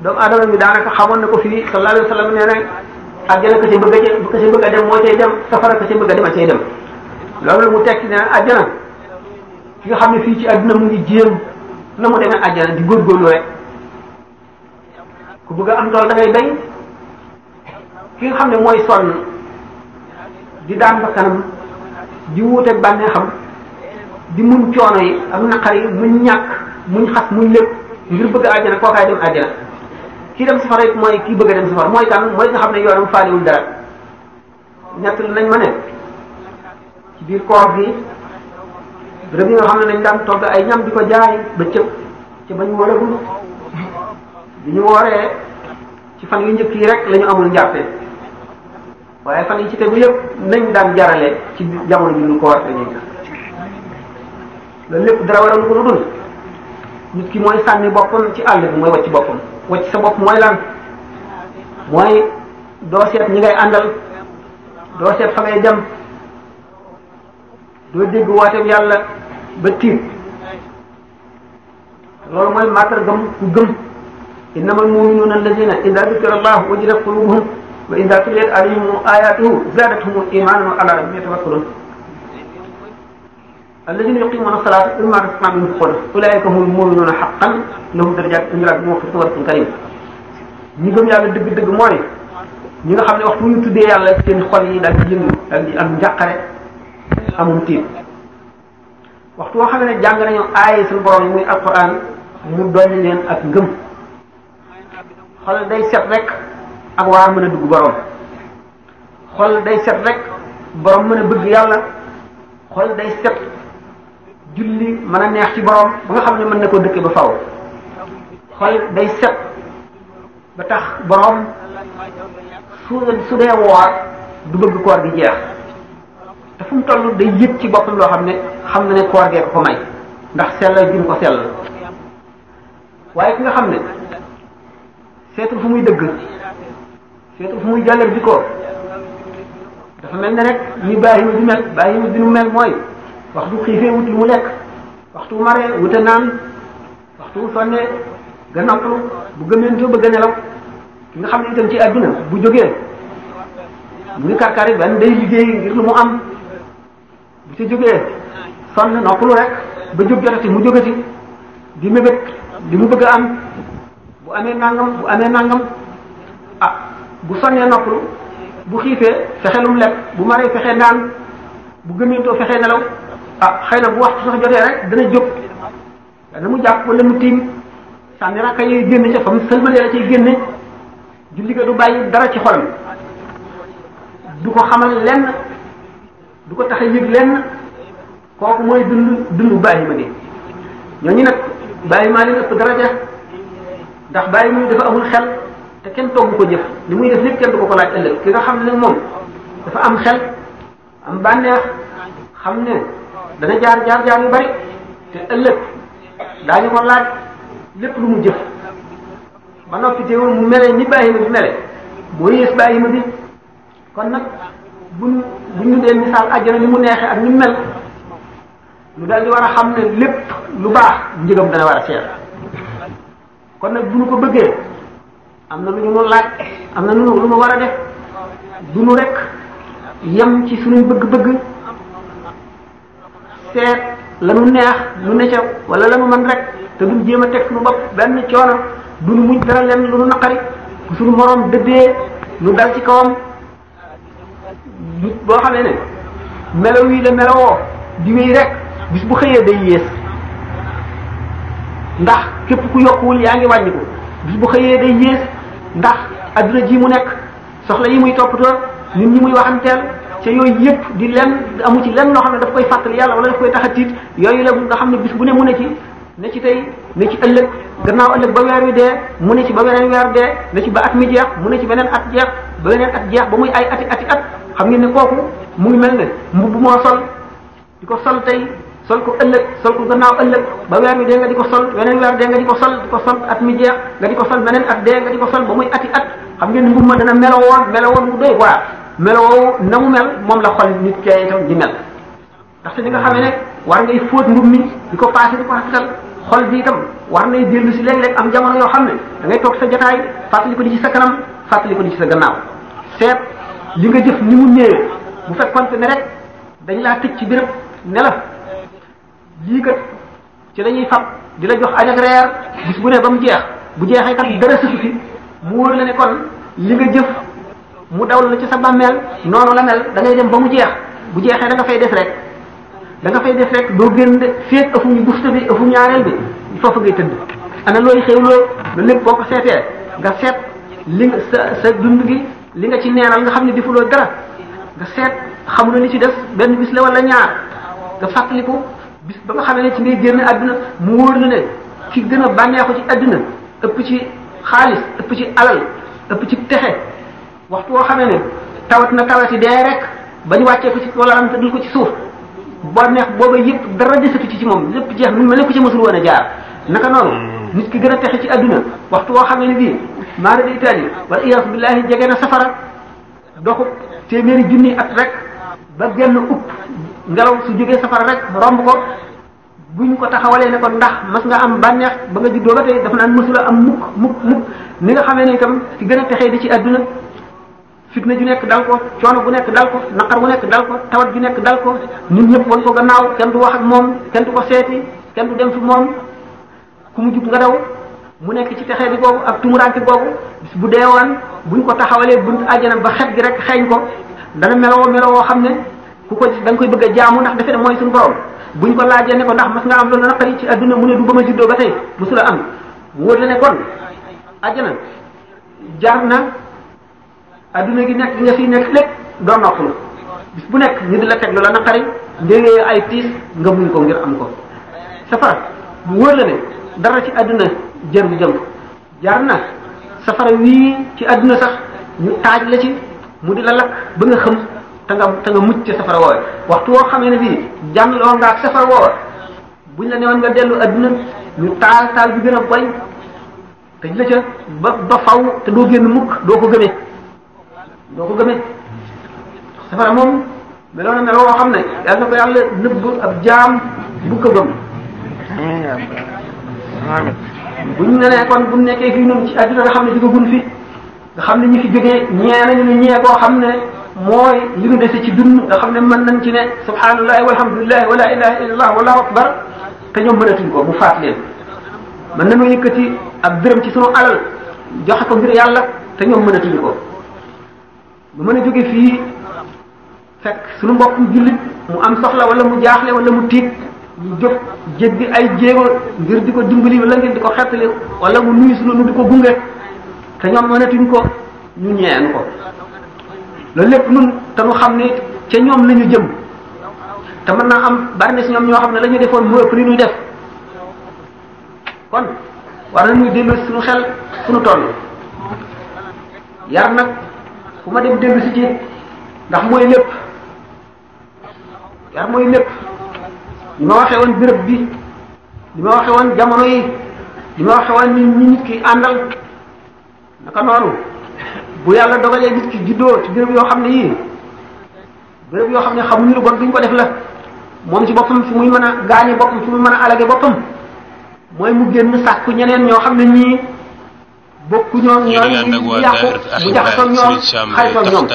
Speaker 3: doomu aadama bi daanaka xamoon na ko fii sallallahu alayhi wa sallam nee na àjjana ko ci bëgg a dem moo cay dem safara ko ci bëgg a dem a cay dem loolu la mu tekki ne àjjana ki nga xam ne fii ci àdduna mu ngi jéem na mu demee àjjana di góorgóorlu rek ku bëgg a am tool da ngay bay ki nga xam ne mooy sonn di daan ba kanam di wuuteeg bànnee xam di muñ coono yi ak naqar yi muñ ñàkk muñ xas muñ lépp ngir bëgg a àjjana kookaay dem àjjana ki dem safara it mooy kii bëgg a dem safara mooy kan mooy nga xam ne yoonam faaliwul dara ñett nañ ma ne ci biir koor bi bërëb yi nga xam ne nañ daan togg ay ñam di ko jaay ba cëb ca bañ wóoragul bi ñu wooree ci fan yu njëkk yi rek la ñu amul njàppe waaye fan yi ci tegu yëpp nañ daan jarale ci jamono ji ñu koor te ñuy loolu lépp dara waral ko lu dul nit ki mooy sànni boppam ci àll bi mooy wàcc boppam wàcc sa bopp mooy lan mooy doo seet ñi ngay àndal doo seet fa ngay dem doo dégg wooteeb yàlla ba tiit loolu mooy màndargam ku gëm innamal mu'minuuna allazina ida dukira allahu wajilat qulubuhum wa ida tuliyat alayhim ayatuhu zaadathum imanan wa ala rabbihim alladina yuqimuna salata mimma razaqnahum yunfiqun ulaika humul mu'minuna haqqan lahum darajatun inda rabbihim wa rizqun karim ñi gëm yàlla dëgg-dëgg mooy ñi nga xam ne waxtu ñu tuddee yàlla seen xol yi daal di yëngu daal di am njàqare amum tiit waxtu woo xam ne jàng nañu aaye suñu borom yi muy alquran mu doon leen ak ngëm xol day set rek ak waa mën a dugg borom xol day set rek borom mën a bëgg yàlla xol day set julli mën a neex ci borom ba nga xam ne mën na koo dëkke ba faw xol day set ba tax borom su su dee woor du bëgg koor bi jeex te fu mu toll day yëg ci boppam loo xam ne xam na ne koor gee ko ko may ndax sellal gi mu ko sellal waaye ki nga xam ne seetul fu muy dëgg seetul fu muy jàllar bi ko dafa mel ne rek ñu bàyyi bi mel bàyyi bi nu mel mooy waxtu xiifee wut lu mu lekk waxtu maree wuta naan waxtu sonnee nga noppalu bu gëmentoo bëgg a nelaw ki nga xam ne itam ci àdduna bu jógee mu ngi karkari benn day liggéey ngir mu am bu ci jógee sonn noppalu rek ba jóg mu jógati di mébét mu bëgg a am bu amee nangam bu amee nangam ah bu sonnee noppalu bu xiifee fexe lu mu lekk bu maree fexe naan bu gëmentoo fexe nelaw ah xëy na bu wax sax jotee rek dana jóg dana mu jàpp wala mu tiim sànni rakka yi génn ca fa mu sëlmalee la génne julli ga du bàyyi dara ci xolam du ko xamal lenn du ko tax a yëg lenn kooku mooy dund dundu bàyyi ma de ñooñu nag bàyyi maa leen ëpp daraja ndax bàyyi muy dafa amul xel te kenn togg ko jëf li muy def lépp kenn du ko ko laaj ëllëg ki nga xam ne nag dafa am xel am bànneex xam ne dana jaar jaar jaar yu bari te ëllëg daañu ko laaj lépp lu mu jëf ba noppi teewul mu mele ni Ibrahima bi mele moo yées Ibrahima bi kon nag buñ buñ ñu dee misaal àjjana ni mu neexee ak ni mu mel lu daal di war a xam ne lépp lu baax njëgam dana war a seer kon nag bu ñu ko bëggee am na lu ñu mun laaj am na lu ñu lu war a def du ñu rek yem ci suñu bëgg-bëgg seet lanu neex lu ne ca wala lanu man rek te duñ jéem a teg suñu bopp benn coono duñu muñ dara lenn lu nu naqari bu nu moroom dëddee ñu dal ci kawam boo xamee ne melaw yi la melawoo di wéy rek bis bu xëyee day yées ndax képp ku yokkuwul yaa ngi wàññiku bis bu day ndax adduna ji mu nekk soxla yi muy toppatoo nit ñi muy waxanteel ca yooyu yëpp di leen amu ci lenn loo xam ne daf koy fàttali yàlla wala daf koy tax a tiit yooyu la nga xam ne bis bu ne mu ne ci ne ci tey ne ci ëllëg gannaaw ëllëg ba weer wi dee mu ne ba beneen weer dee ne ci ba at mi jeex mu ne ci at jeex ba at xam ngeen ne kooku mu ngi mel ne mbubb moo ko sol tey sol ko ëllëg sol ko gannaaw ëllëg ba weer wi dee nga di ko sol beneen weer de nga di ko sol di mi jeex nga ko sol beneen at dee nga di ko ba muy ati at xam ngeen ne mbubb ma dana melo woon melo woon mu doy waar melo woowu na mu mel moom la xol nit kee itam di mel ndaxte ni nga xamee ne war ngay fóot ndum mi di ko passé di ko xasal xol bi itam war nay dellu si léeg-léeg am jamono yoo xam ne dangay toog sa jotaay fàttali ko di ci sa kanam fàttali ko di ci sa gannaaw seet li nga jëf ni mu néew bu fekkonte ne rek dañ laa tëj ci béréb nela la lii kat ci lañuy fab di la jox añ ak bu ne ba mu jeex bu jeexee kat dara sësu fi mu wóor la ne kon li nga jëf mu daw la ci sa bàmmeel noonu la mel da ngay dem ba mu jeex bu jeexee da nga fay def rek danga fay des rek doo génn de féeg ëfuñu bufta bi ëfu ñaareel bi foofu ngay tëdd ana looy xewloo loolu lépp boo ko seetee nga seet li nga sa dund gi li nga ci neenal nga xam ne defuloo dara nga seet xamuloo li ci des benn bis la wala ñaar nga fàttaliku bis ba nga xamee ne ci ngay génn àdduna mu wóor la ne ki gën a bànneexu ci àdduna ëpp ci xaalis ëpp ci alal ëpp ci texe waxtu woo xamee ne tawat na tawati dee rek ba ñu wàccee ko ci loolam te dul ko ci suuf boo neex booba yëpp dara desatu ci ci lépp jeex mel ne ku ci mësul woon a jaar naka noonu mm. nit ki gën a ci àdduna waxtu woo xamee ne bii maara de itali wala iyaasu billahi jege na safara doxu téeméeri junni at rek ba genn upp ngelaw su jógee safara rek romb ko buñ ko taxawalee ne ndax mas nga am bànneex ba nga juddoo ba tey dafa naan mësula am mukk mukk mukk ni nga xamee ne itam ci gën a texee di ci àdduna fitna ju nekk dal ko coono bu nekk dal ko naqar bu nekk dal ko tawat ju nekk dal ko nit ñëpp wan ko gannaaw kenn du wax ak moom kenn du ko seeti kenn du moom ku mu jub nga daw mu nekk ci texee bi boobu ak tumuraanke boobu bis bu deewoon buñ ko taxawalee bunt àjjana ba xet gi rek xeeñ ko dana melowoo melowoo xam ne ku ko da nga koy bëgg a jaamu ndax defe ne mooy suñu borom buñ ko laajee ne ko ndax mas nga am loolu naqari ci adduna mu ne du ba a juddoo ba tey mosula am wóor la ne kon àjjana jaar na adduna gi nekk nga fi nekk lépp doo noppalu bu nekk ñu di la teg lu la naqari ndégee ay tiis nga muñ ko ngir am ko safara bu wóor la ne dara ci àdduna jër bu jëm jaar na safara wii ci àdduna sax ñu taaj la ci mu di la lakk ba nga xam te nga te safara woowe waxtu woo xamee ne bii jàmm loo nga ak safara woowe buñ la newoon nga dellu adduna ñu taal taal bi gën a bañ te la ca ba ba faw te doo génn mukk doo ko gëmee doo ko gëmee safara moom meloo na meloo woo xam ne yàlla na ko yàlla nëbb ab jaam bu ko gëm buñ ne ne kon buñ nekkee fii moom ci àdduna nga xam ne jugagun fi nga xam ne ñi fi jógee ñee nañu ne ñee koo xam ne mooy li ñu dese ci dund nga xam ne mën nañ ci ne subhanallahi walhamdulillahi wala ilaha illallah wallahu akbar te ñoom mënatuñ ko mu faat leen mën nañoo yëkkati ab dërëm ci sunu alal joxe ko ngir yàlla te ñoom mënatuñ ko mu mën a jóge fii fekk suñu mbokk jullit mu am soxla wala mu jaaxle wala mu tiit ñu jóg jéggi ay jéego ngir di ko dimbali wala ngeen di ko xettali wala mu nuyu suñu nu di ko gunge te ñoom mënatuñ ko ñu ñeen ko la lépp nun te nu xam ne ca ñoom la ñu jëm te mën naa am bari na si ñoom ñoo xam ne la ñu defoon mu ëpp li ñuy def kon war nañuy dellu suñu xel suñu toll yar nag bu ma dem dellu si ci ndax mooy lépp ndax mooy lépp li ma waxe woon béréb bi li ma waxe woon jamono yi li ma waxe woon ni nit ki àndal naka noonu bu yàlla dogalee nit ki juddoo ci béréb yoo xam ne yii béréb yoo xam ne xamuñu lu bon duñ ko def la moom ci boppam fi muy mën a gaañe boppam fi muy mën a alage boppam mooy mu génn sàkku ñeneen ñoo xam ne ñii bokkuñoo ñooñu ñu yàqu bu jaxasoo ñoom xaritoo ñoom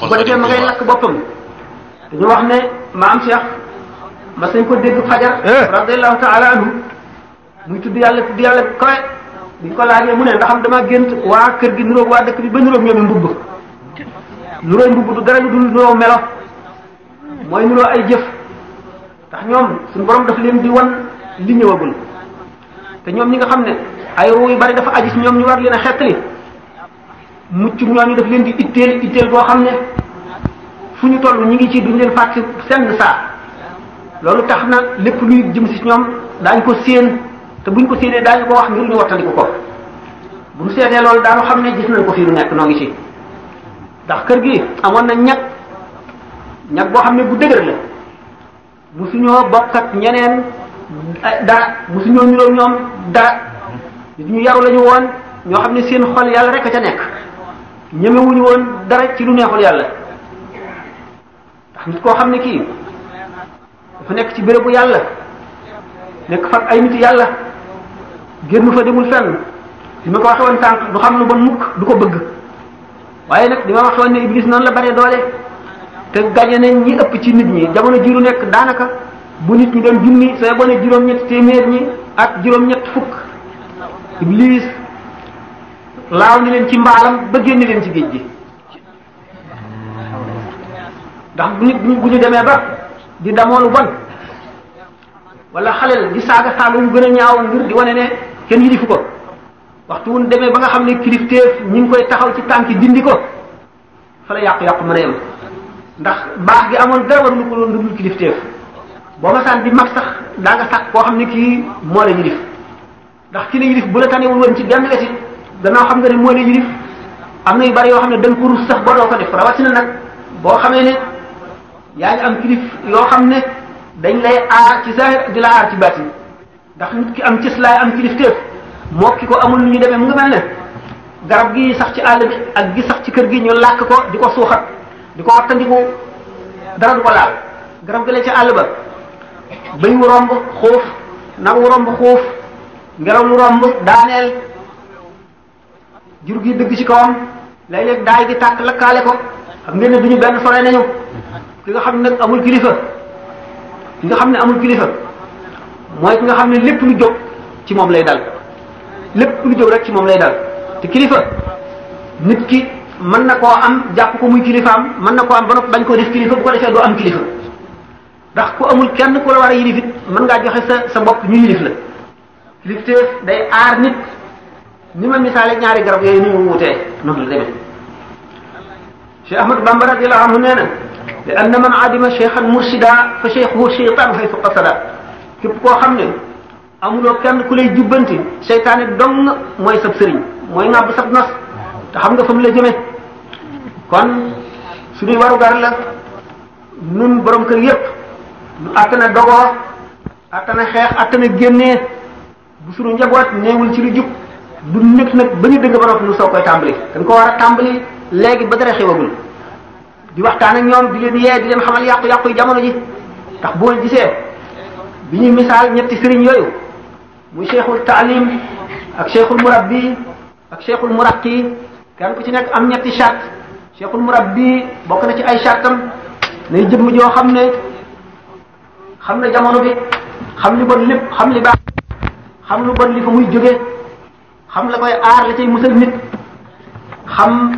Speaker 4: bu defee ma ngay lakk
Speaker 3: boppam ñu wax ne maam Cheikh mas nañ ko dégg fajar eh. radiallahu taala anhu muy tudd yàlla tudd yàlla kawe ko laajee mu ne ndax am dama gént waa kër gi nuróog waa dëkk bi ba nuróog ñoom mbubb nuróo mbubb du dara lu dul melo mooy nuróo ay jëf ndax ñoom suñu borom daf leen di wan li ñëwagul te ñoom ñi nga xam ne ay ruu yu bari dafa aju ci ñoom ñu war leen a xettali mucc ñooñu daf leen di itteel itteel boo xam ne fu ñu toll ñu ngi ci duñ leen fàtte seen saa loolu tax na lépp luy jëm ci ñoom daañu ko séen te buñ ko séenee daañu ko wax ngir ñu wattandiku ko bu mu seetee loolu daanu xam ne gis nañ ko fii nu nekk noo ngi ci ndax kër gi amoon na ñag ñag boo xam ne bu dëgër la musuñoo bokk ak ñeneen dara ñoo ñuróo ñoom dara nit ñu yaru lañu woon ñoo xam ne seen xol yàlla rek a ca nekk ñemewuñu woon dara ci lu neexul yàlla koo xam ne kii dafa nekk ci bérébu yàlla nekk fa ay nit yàlla génn fa demul fenn li ma ko waxe woon sànq xam lu ba mukk du ko bëgg waaye nag li ma waxe woon ne iblis noonu la bare doole te gañe nañ ñi ëpp ci nit ñi jamono ji lu nekk daanaka bu nit ñi doon junni sooy bone juróom-ñett téeméer ñi ak juróom-ñett fukk iblis laaw ni leen ci mbaalam ba génn leen ci géej gi ndax bu ñu bu ñu demee ba di damoo lu bon wala xalel di saaga saaga yu gën a ñaaw ngir di wane ne kenn yilifu ko waxtu wu demee ba nga xam ne kilifteef ñu ngi koy taxaw ci tànk dindi ko fa la yàqu-yàqu mën a yem ndax baax gi amoon dara warul ko loolu dul kilifteef boo ma saan di mag sax daa sax koo xam ne kii moo la yilif ndax ki la yilif bu la tanewul woon ci benn weti gannaaw xam nga ne moo la yilif am na yu bari yoo xam ne da nga ko rus sax ba doo ko def rawatina nag boo xamee ne yaa ngi am kilif yoo xam ne dañ lay aar ci zahir di la aar ci baatin ndax nit ki am cis laay am kilif téef moo ki ko amul lu ñu demee mu ngi mel ne garab gi sax ci àll bi ak gi sax ci kër gi ñu làkk ko di ko suuxat di ko wattandiku dara du ko laal garab gi la ci àll ba bañ wu romb xuuf nag xuuf ngelaw lu romb daaneel jur gi dëgg ci kawam léeg-léeg daay gi tàkk lakkaale ko xam ngeen ne bu ñu benn sore nañu ki nga xam ne nag amul kilifa ki nga xam ne amul kilifa mooy ki nga xam ne lépp lu jóg ci moom lay dal lépp lu jóg rek ci moom lay dal te kilifa nit ki mën na koo am jàpp ko muy kilifaam mën na koo am ba noppi bañ koo def kilifa bu ko defee doo am kilifa ndax ku amul kenn ku la war a yilifit mën ngaa joxe sa sa bopp ñu yilif la kilifteef day aar nit ni ma misaale ñaari garab yooyu ni ñu wuutee noonu la demee Cheikh Ahmad Bamba radiyallahu anhu nee na li anna man adima cheikhan murshida fa cheikhuhu cheytaan haythu qasada képp koo xam ne amuloo kenn ku lay jubbanti seytaane dong mooy sab mooy ŋàbb sab nos te xam nga fa mu la jëme kon suñuy warugar la nun borom kër nu attana dogoo attana bu suñu njaboot neewul ci lu jub du nekk nag ba ñu dëgg ba noppi lu soo koy tàmbali dañ ko war a tàmbali léegi ba dara xewagul di waxtaan ak ñoom di leen yee di leen xamal yàqu-yàqu yi jamono ji ndax boo gisee bi ñuy misaal ñetti sëriñ yooyu muy cheikhul taalim ak cheikhul murabbi ak cheikhul muraqi kenn ku ci nekk am ñetti chart cheikhul murabbi bokk na ci ay chartam nay jëmm joo xam ne xam ne jamono bi xam li bon lépp xam li baax xam lu bon li fa muy jógee xam la koy aar la cay musal nit xam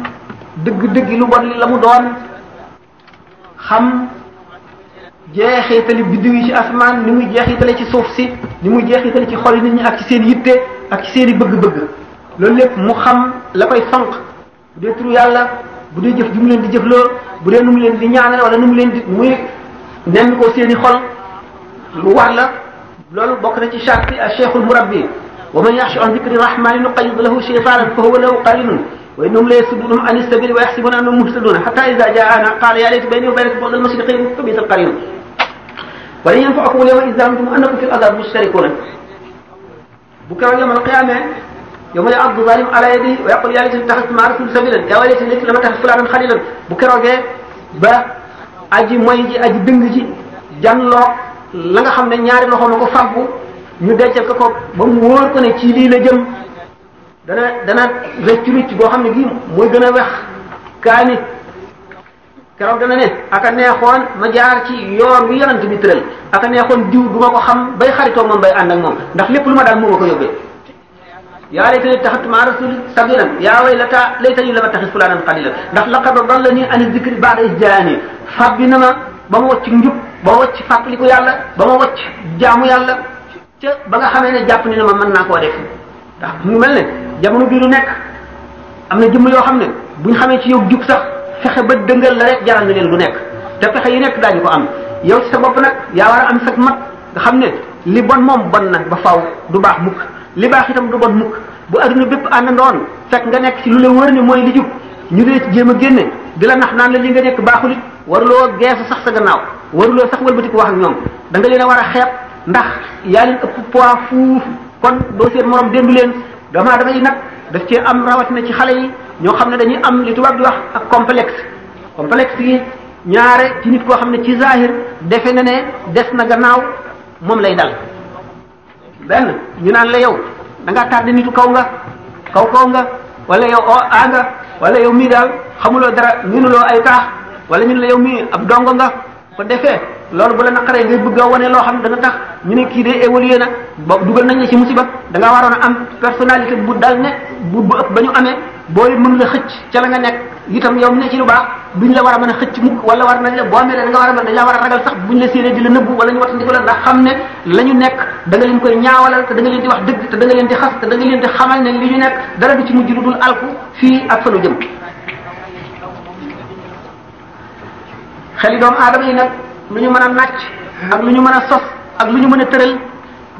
Speaker 3: dëgg-dëgg lu bon li la mu doon xam jeexitali biddiw yi ci asmaan ni muy jeexitale ci suuf si ni muy jeexitale ci xol nit ñi ak ci seen yitte ak ci seen bëgg-bëgg loolu lépp mu xam la koy fanq bu dee turu yàlla bu dee jëf ju mu leen di jëfloo bu dee nu mu leen di ñaanal wala nu mu leen di muy nenn ko seen i xol lu war la loolu bokk na ci charte a cheikhul murabbi wa man yaxsha an dikri rahmani nuqayyid lahu shaytanan fa huwa lahu qarinun wa innahum la yasudunahum an sabili wa yaxsibuna annahum muhtadun hatta ida jaana qala ya layti bayni wa baynaka bu'da al-mashriqayn fa bi'sa al-qarin wa lan yanfa'akum al-yawma idh zalamtum annakum fi al-'adab mushtarikun bu kaw yawmal qiyaamah yawma ya'addu zalim ala yadihi wa yaqulu ya laytani ittakhadhtu ma'a rasuli sabilan ya laytani lam attakhidh fulanan khalilan bu keroogee ba aji moy ji aji dëng ji janloo la nga xam ne ñaari loxo la ko fàggu ñu dencal ko ko ba mu wóor ko ne ci lii la jëm dana dana rëcc rëcc boo xam ne gii mooy gën a wex kaani keroog dana ne aka neexoon ma jaar ci yoon wi yonent bi tëral aka neexoon diw du ma ko xam bay xaritoo moom bay ànd ak moom ndax lépp lu ma daal moo ma ko yóbbee yaa laytani ittaxadtu maa rasuuli sabiilan yaa waylataa laytanii lam attaxid fulaanan xaliilan ndax laqad dallanii ani zikri ba'da iz jaa'anii fàbbi na ma ba ma wacc njub ba ma wacc fàttaliku yàlla ba ma wacc jaamu yàlla ca ba nga xamee ne jàpp ni ne ma mën naa koo def mu ngi mel ne jamono bii lu nekk am na jëmm yoo xam ne bu ñu xamee ci yow jub sax fexe ba dëngal la rek jaral na leen lu nekk te fexe yi nekk daañu ko am yow ci sa bopp nag yaa war a am sa ma nga xam ne li bon moom bon na ba faw du baax mukk li baax tam du bon mukk bu adduna bépp àndandoon fekk nga nekk ci lu la wër ne mooy li jub ñu dee ci jéem a génne di la nax naan la li nga nekk baaxul it waruloo geesu sax sa gannaaw waruloo sax wëlbatiku wax ak ñoom da nga leen a war a xeeb ndax yaa leen ëpp poids fuuf kon doo seen morom déndu leen damaa dama nag daf cee am na ci xale yi ñoo xam ne dañuy am li tubaab di wax ak complexe complexe yi ñaare ci nit koo xam ne ci zahir defe na ne des na gannaaw moom lay dal benn ñu naan la yow da ngaa tardé nitu kaw nga kaw kaw a nga wala yow mii daal xamuloo dara ñunuloo ay taax wala ñun la yow mii ab dongo nga ko defee loolu bu la naqaree ngay bëgg a wane loo xam da nga tax ñu ne kii dee yee na boobu dugal nañ la ci musiba danga nga waroon a am personnalité bu dal ne bu bu ëpp ba ñu amee booy mën la xëcc ca la nga nekk itam yow ne ci lu baax duñ la war a mën a xëcc mukk wala war nañ la boo amee da nga war a mën dañ la war a ragal la ñu wattandiku la ndax xam ne la ñu nekk da nga leen koy ñaawalal te da nga leen di wax dëgg te da nga leen di xamal ne li ñu nekk dara du ci mujj lu dul alku fii ak fa nu jëm xeli doomu aadama yi nag lu ñu mën a nàcc ak lu ñu mën a sos ak lu ñu mën a tëral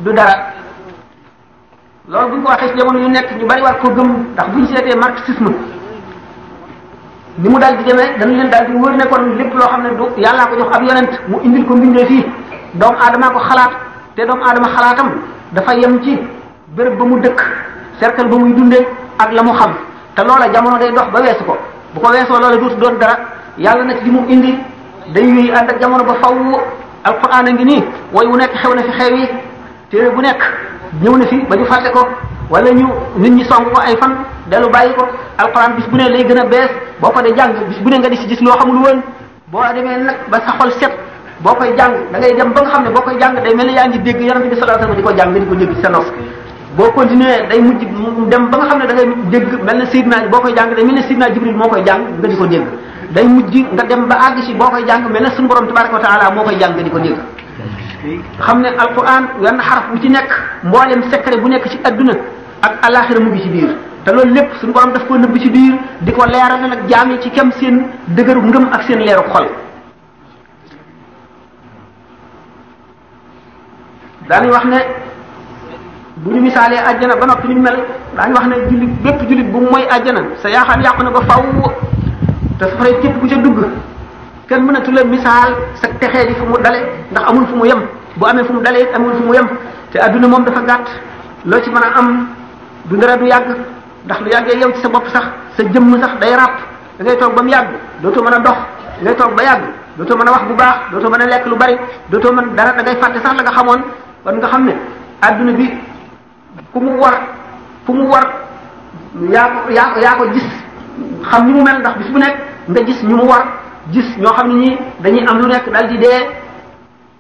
Speaker 3: du dara loolu bu ñu ko waxee ci jamono yu nekk ñu bari war ko gëm ndax bu ñu seetee marxisme ni mu daal di demee dañu leen daal di wër ne kon lépp loo xam ne du yàllaa ko jox ab yonent mu indil ko mbindee fii ko xalaat te doomu aadama xalaatam dafa yem ci béréb ba mu dëkk cercle ba muy dundee ak la mu xam te loola jamono day dox ba weesu ko bu ko weesoo loola dootu doon dara yàlla nag li mu indi day yuy ànd ak jamono ba faw alquran a ngi nii way wu nekk xew na fi xew yi téere bu nekk ñëw na fi ba ñu fàtte ko wala ñu nit ñi song ko ay fan dellu bàyyi ko alxuraan bis bu nee lay gën a bees boo ko dee jàng bis bu ne nga di si gis loo xamul woon boo demee nag ba sa xol set boo koy jàng da ngay dem ba nga xam ne boo koy jàng mel ni yaa ngi dégg yonent bi sallallahu alayhi wasallam ko jàng nga ko dégg ci sa nos boo dem ba nga xam ne da ngay dégg mel boo koy jàng day mel na Sidna Jibril moo koy jàng nga di ko dégg day mujj nga dem ba àgg si boo koy jàng mel na suñu borom tabaraka wa taala moo koy jàng nga di ko dégg xam ne alquran wenn xaraf bu ci nekk mboolem secret bu nekk ci adduna ak alaxira mu ngi ci biir te loolu lépp suñu borom daf ko nëbb ci biir di ko leeral nag jaam yi ci kem seen dëgëru ngëm ak seen leeru xol daañu wax ne bu ñu misaalee àjjana ba noppi ñu mel daañu wax ne jullit bépp jullit bu mooy àjjana sa yaaxam yàqu na ko faw te safara képp ku ca dugg kenn mënatu la misaal sa texe ji fu mu dale ndax amul fu mu yem bu amee fu mu dale it amul fu mu yem te adduna moom dafa gàtt loo ci mën a am du dara du yàgg ndax lu yàggee yow ci sa bopp sax sa jëmm sax day ràpp da ngay toog ba mu yàgg dootoo mën a dox da ngay toog ba yàgg dootoo mën a wax bu baax dootoo mën a lekk lu bari dootoo mën dara da ngay fàtte sax la nga xamoon kon nga xam ne adduna bi ku mu war ku mu war yaa ko yaa ko xam ni mu mel ndax bis bu nekk nga gis ñu mu war gis ñoo xam ne ñii dañuy am lu nekk daal di dee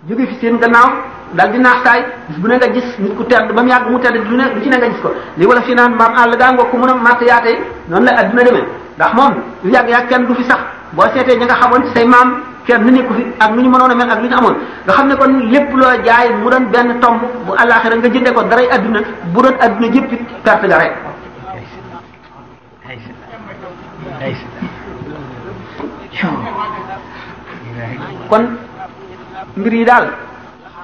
Speaker 3: jóge fi seen gannaaw daal di naax taay bis bu ne a gis nit ku tedd ba mu yàgg mu tedd du ne du ci ne gis ko li wala fi naan maam àll gaa ngoo ko mën a màtt yaatee noonu la adduna demee ndax moom lu yàgg yàgg kenn du fi sax boo seetee ñi nga xamoon ci say kenn nekku fi ak nu ñu mënoon a mel ak lu amoon nga xam ne kon lépp loo jaay mu doon benn tomb bu àllaaxira nga jëndee ko daray adduna bu doon adduna jëpp perte nga rek yi daal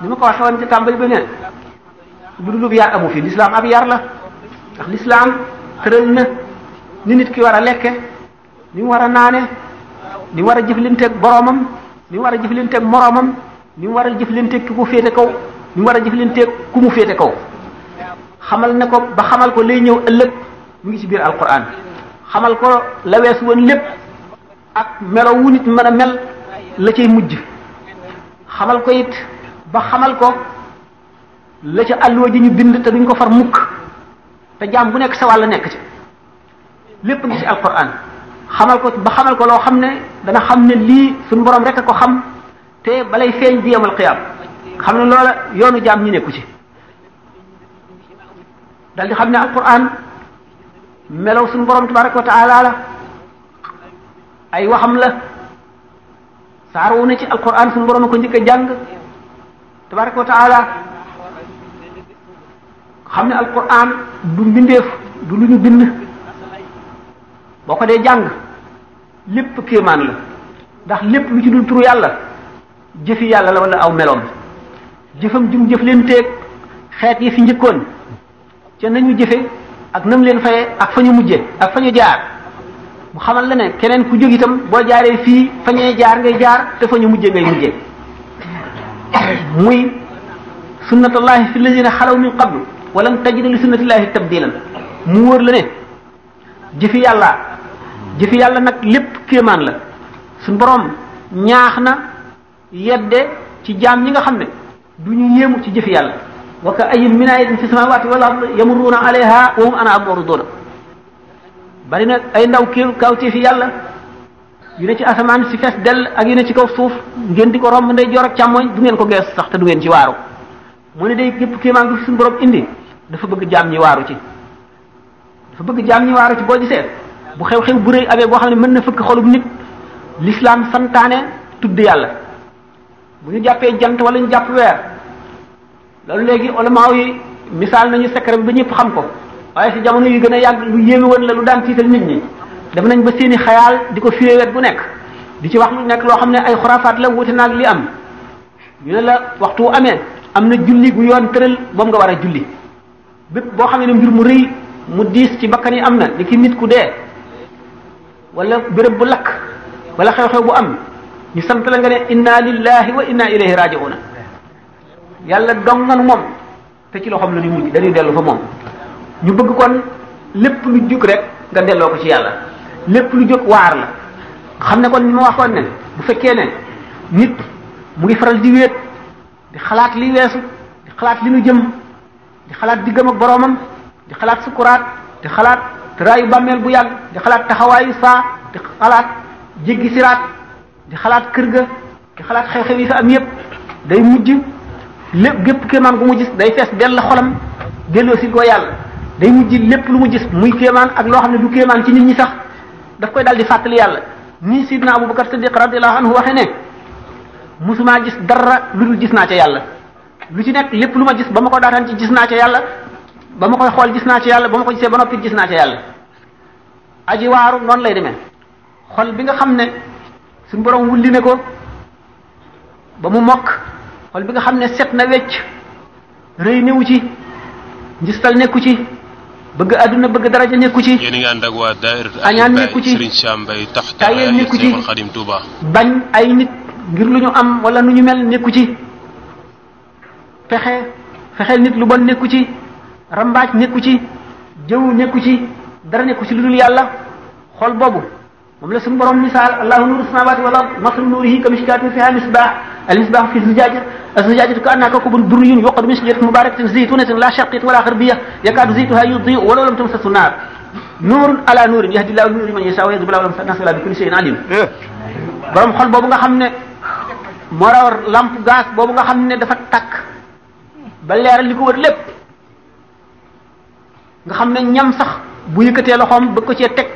Speaker 3: ni ma ko waxee woon ci tàmbali ba ne budulub yar amu fi l'islam ab yar la ndax l'islam tëral na ni nit ki war a lekke ni mu war a naane ni war a jëflanteeg boromam ni mu war a jëflanteeg moromam ni mu war a jëflanteeg ki ko féete kaw ni war a jëflanteeg ku mu féete kaw xamal ne ko ba xamal ko lay ñëw ëllëg mu ngi ci biir alquran xamal ko la weesu woon lépp ak melo wu nit mën a mel la cay mujj xamal ko it ba xamal ko la ca àlluwa ji ñu bind te duñ ko far mukk te jaam bu nekk sa wàll nekk ci lépp ngi ci alquran xamal ko ba xamal ko loo xam ne dana xam ne lii suñ borom rek a ko xam te balay feeñ bi yemal xiyaam xam ne loola yoonu jaam ñi nekku ci dal di xam ne alquran melaw suñu borom tabaraka wa taala la ay waxam la saar wu ne ci alquran suñu borom a ko njëkk jàng tabaraka wa taala xam ne alquran du mbindeef du lu ñu bind boo ko dee jàng lépp kéemaan la ndax lépp lu ci dul turu yàlla jëfi yàlla la wala aw meloom jëfam jum jëf leen teeg xeet yi fi njëkkoon ca nañu jëfe ak nam leen faye ak fa ñu mujje ak fa ñu jaar mu xamal la ne keneen ku jóg itam boo jaaree fii fa ñee jaar ngay jaar te fa ñu mujje ngay mujje muy sunnatullahi fi lazina xalaw min qablu walam tajida li sunnatillahi tabdilan mu wóor la ne jëfi yàlla jëfi yàlla nag lépp kéemaan la suñ borom ñaax na yedde ci jaam ñi nga xam ne du ñu yéemu ci jëfi yàlla wa ka ayyin min ayatin fi samawati wal ard yamurruuna alayha wa hum anha mu'ridun bari na ay ndaw kéew kaawteefi yàlla yu ne ci asamaan si fees dell ak yu ne ci kaw suuf ngeen di ko romb ndey joor ak càmmooñ du ngeen ko gees sax te du ngeen ci waaru mu ne day képp kéemaan gi fi suñu indi dafa bëgg jaam ñi waaru ci bëgg jaam ñi ci boo gisee bu xew-xew bu rëy amee boo xam ne mën na fëkk xolub nit l'islam santaane tudd yàlla bu ñu jàppee jant wala ñu jàpp weer loolu léegi ulamaaw yi misaal nañu secret bi ba ñëpp xam ko waaye si jamono yi gën a yàgg lu yéeme woon la lu daan tiital nit ñi dem nañ ba seeni xayaal di ko firé wet bu nekk di ci wax lu nekk loo xam ne ay xuraafaat la wute naag li am ñu ne la waxtu amee am na julli gu yoon tëral moom nga war a julli bépp boo xam ne mbir mu rëy mu diis ci bakkan yi am na ni ki nit ku dee wala béréb bu lakk wala xew-xew bu am ñu sant la nga ne inna lillahi wa inna ilayhi raji'una yàlla dongan moom te ci loxoom la ñuy mujj dañuy dellu fa moom ñu bëgg kon lépp lu jug rek nga delloo ko ci yàlla lépp lu jóg waar la xam ne kon ni ma waxoon ne bu fekkee ne nit mu ngi faral di di xalaat li weesu di xalaat li nu jëm di xalaat diggam ak boroomam di xalaat sukuraat di xalaat tëraayu bàmmeel bu yàgg di xalaat taxawaayu saa di xalaat jéggi siraat di xalaat kër ga di xalaat xew-xew yi fa am yépp day mujj lépp gépp kéemaan gu mu gis day fees dell xolam delloo si ko yàlla day mujj lépp lu mu jis muy kéemaan ak loo xam ne du kéemaan ci nit ñi sax daf koy daal di fàttali yàlla nii sidna abubakar siddiq radiallahu anhu waxe ne musumaa gis dara lu dul gis naa ca yàlla lu ci nekk lépp lu ma gis ba ma ko daataan ci gis naa ca yàlla ba ma koy xool gis naa ca yàlla ba ma ko ba noppi gis naa ca yàlla aji waaru noonu lay deme xol bi nga xam ne suñu borom wulli ne ko ba mu mokk xol bi nga xam ne set na wecc rëy newu ci njistal nekku ci bëgg àdduna bëgg daraja nekku ci.
Speaker 4: yéen a ngi ànd ak waa añaan nekku ci Serigne Sam Mbaye tax nekku ci
Speaker 3: bañ ay nit ngir lu ñu am walla nu ñu mel nekku ci pexe fexeel nit lu bon nekku ci rambaaj nekku ci jëw nekku ci dara nekku ci lu dul yàlla xol boobu moom la suñu borom misaal allahu nuru samawati wal ard masalu nuurihi kamishkaatin fiha misbah المصباح في الزجاجة الزجاجة كأنها كوكب دري يوقد من شجرة مباركة زيتونة لا شرقية ولا غربية يكاد زيتها يضيء ولو لم تمسسه النار nuurun ala nuurin yahdi llahu nuuri man yasaa wa yadribu llahu l-amsala bi kulli shay'in alim borom xol boobu nga xam ne moo raw lampe gaz boobu nga xam ne dafa takk ba leeral li ko wër lépp nga xam ne ñam sax bu yëkkatee loxoom bëgg ko cee teg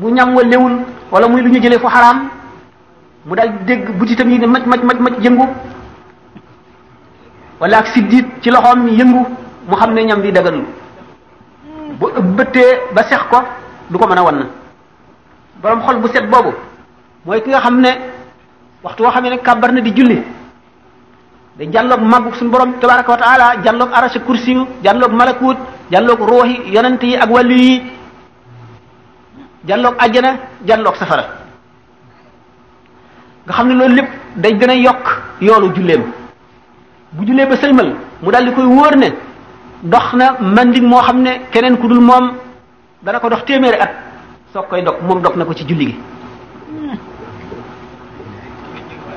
Speaker 3: bu ñam wa lewul wala muy lu ñu jëlee fu xaraam mu daal dégg butitam yi ne maj maj maj maj yëngu wala ak siddiit ci loxoom yëngu mu xam ne ñam bi daganul bu ëbbëtee ba sex ko du ko mën a wan na borom xol bu set boobu mooy ki nga xam ne waxtu woo xam ne kàbbar na di julli da jàlloog màggu suñu borom tabaraka wa taala jàlloog arasa kursi yu jàlloog malakut jàlloog ruux yi yonent yi ak wàllu yi jàlloog ajjana jàlloog safara nga xam ne loolu lépp day gën a yokk yoolu julleem bu jullee ba sëlmal mu daal di koy wóor ne dox na mandig moo xam ne keneen ku dul moom dana ko dox téeméeri at soog koy dog moom dog na ko ci julli gi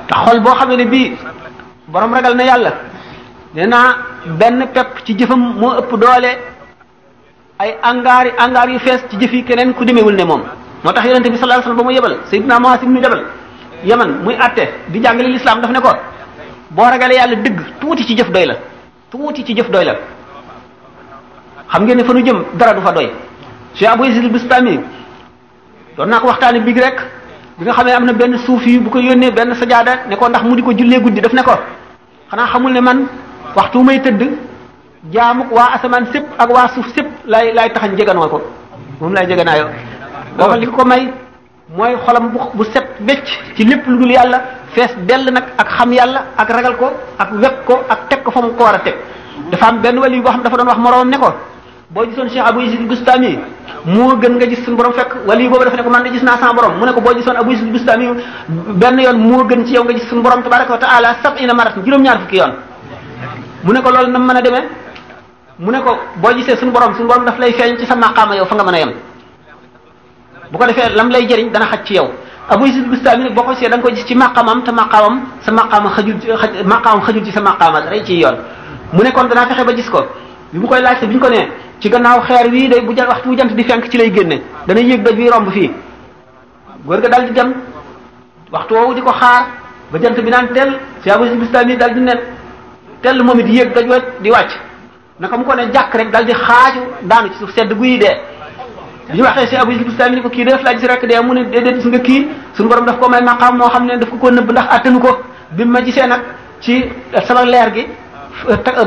Speaker 3: te xol boo xam ne bii boroom ragal na yàlla ne naa benn pepp ci jëfam moo ëpp doole ay angaar yi angaar yu fees ci jëf yi keneen ku demewul ne moom moo tax yonente bi sallallahu alayhi wasallam ba mu yebal sayyidina Muaz ibn Jabal yaman muy àtte di jàngale lislaam daf ne ko boo ragalee yàlla dëgg tuuti ci jëf doy la tuuti ci jëf doy la xam ngeen ne fa nu jëm dara du fa doy su Abu Yazid al-Bistami doon naa ko waxtaane big rek bi nga xamee am na benn suuf yi bu ko yónnee benn sajaada ne ko ndax mu di ko jullee guddi daf ne ko xanaa xamul ne man waxtu may tëdd jaamuk waa asamaan sépp ak waa suuf sépp laay laay taxañ jeganoo ko moom lay jeganaayoo booba li ko may mooy xolam bu bu set bëcc ci lépp lu dul yàlla fees dell nag ak xam yàlla ak ragal ko ak wekk ko ak teg ko fa mu ko war a teg dafa am benn wali boo xam dafa doon wax moroomam ne ko boo gisoon Cheikh Abou Yazid Bustami moo gën nga gis suñu borom fekk wali boobu dafa ne ko man de gis mu ne ko boo gisoon Abou Yazid Bustami benn yoon moo gën ci yow nga gis suñu borom tabaraka yoon mu ne ko loolu nam mën a mu ne ko boo gisee suñu borom suñu borom daf lay feeñ ci sa maqaama yow fa nga mën a yem bu ko defee lam lay jëriñ dana xaj ci yow Abu Yazid Bustami nag boo ko see da nga ko gis ci maqamam te maqamam sa maqaama xajul xaj maqaamam xajul ci sa maqaama rey ci yoon mu ne kon danaa fexe ba gis ko bi mu koy laajte bi ñu ko nee ci gannaaw xeer wii day bu jant waxtu bu jant di fenk ci lay génne dana yéeg daj bi romb fii góor ga daal di dem waxtu woowu di ko xaar ba jant bi naan tell si Abu Yazid Bustami daal di nen tell moom di yéeg daj wa di wàcc naka mu ko ne jàkk rek daal di xaaju daanu ci suuf sedd guyi dee li waxee si Abu Yazid Bustami ni ko kii def laaj si rakk dee mu ne déedéet su nga kii suñu borom daf ko may maqaam moo xam ne daf ko ko nëbb ndax attanu ko bi ma gisee nag ci sama leer gi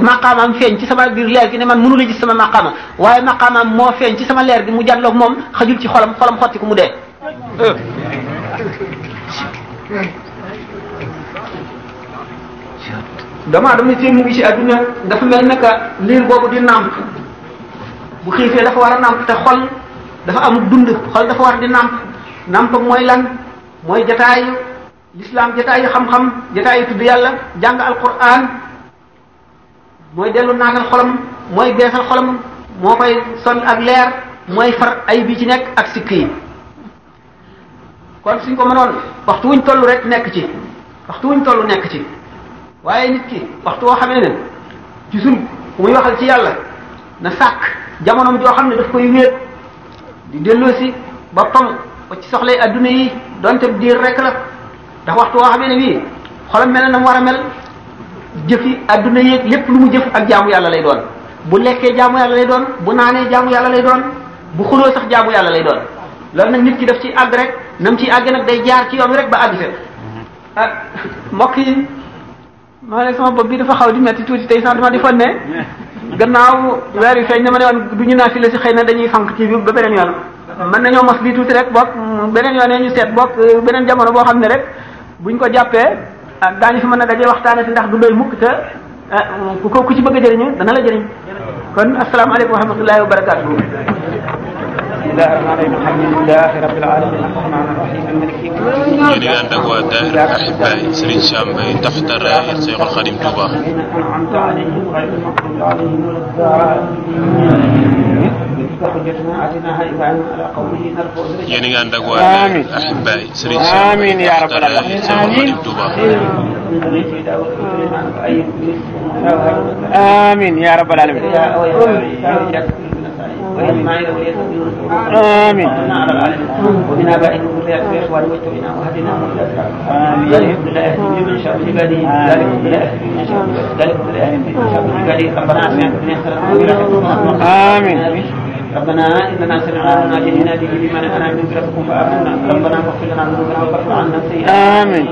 Speaker 3: maqaamam feeñ ci sama biir leer gi ne man mënu gis sama maqaama waaye maqaamam moo feeñ ci sama leer gi mu jàlloog moom xajul ci xolam xolam xotti ko mu dee damaa dama ci mu ngi ci adduna dafa mel ne que liir boobu di nàmp bu xiifee dafa war a nàmp te xol dafa am dund xol dafa war di nàmp nàmp mooy lan mooy jataayu lislaam jataayu xam-xam jataayu tudd yàlla jàng alquran mooy dellu naatal xolam mooy beesal xolam moo koy son ak leer mooy far ay bi ci nekk ak sikk yi kon suñ ko mënoon waxtu wuñ toll rekk nekk ci waxtu wuñ toll nekk ci waaye nit ki waxtu woo xamee ne ci suñ ku muy waxal ci yàlla na sàkk jamonoom joo xam ne daf koy wéet di delloosi boppam ba ci soxlay adduna yi donte diir rek la ndax waxtu woo xamee ne bii mel na mu war a mel jëfi adduna yeeg lépp lu mu jëf ak jaamu yàlla lay doon bu lekkee jaamu yàlla lay doon bu naanee jaamu yàlla lay doon bu xuloo sax jaamu yàlla lay doon loolu nag nit ki def ci àgg rek nam ci àgg nag day jaar ci yoon rek ba àgg fekk ah, mbokk yi maa ne sama bopp bi dafa xaw di metti tuuti tey sant ma di fon gannaaw weer yu feeñ na ma ne woon du ñu naa fi la si xëy na dañuy fank ci bi ba beneen yoon mën nañoo mos lii tuuti rek bokk beneen yoon ñu seet bokk beneen jamono boo xam ne rek buñ ko jàppee ah, daañu fi mën a daje waxtaane si ndax du doy mukk te ah, ku ko ku ci bëgg a jëriñu dana la jëriñ kon asalaamaaleykum wa rahmatullahi wa barakatuh بسم الله الرحمن الرحيم الحمد لله رب العالمين الرحمن الرحيم الملك
Speaker 4: يوم الدين ñu ngi ànd ak waa daayira Ahibahi Serigne Sam Mbaye Taf Dara Seexul Xadim Touba
Speaker 3: أنعمت عليهم غير المغضوب عليهم ولا الضالين
Speaker 4: yéen a ngi ànd ak waa daayira Ahibahi Serigne Sam Mbaye Taf Dara Seexul Xadim
Speaker 3: Touba amiin yaa rabbal aalamiin وإسماعيل واليسوع ويونس
Speaker 1: آمين ومن على العالمين ومن آبائهم وإخوانهم
Speaker 3: واتبعنا وهدنا وإلى آمين ذلك من شاء عباده ذلك من شاء ذلك من شاء عباده ربنا أسمعنا من آمين ربنا اننا سمعنا مناديا ينادي بالايمان انا من ربكم فامنا ربنا فاغفر لنا ذنوبنا وكفر عنا سيئاتنا امين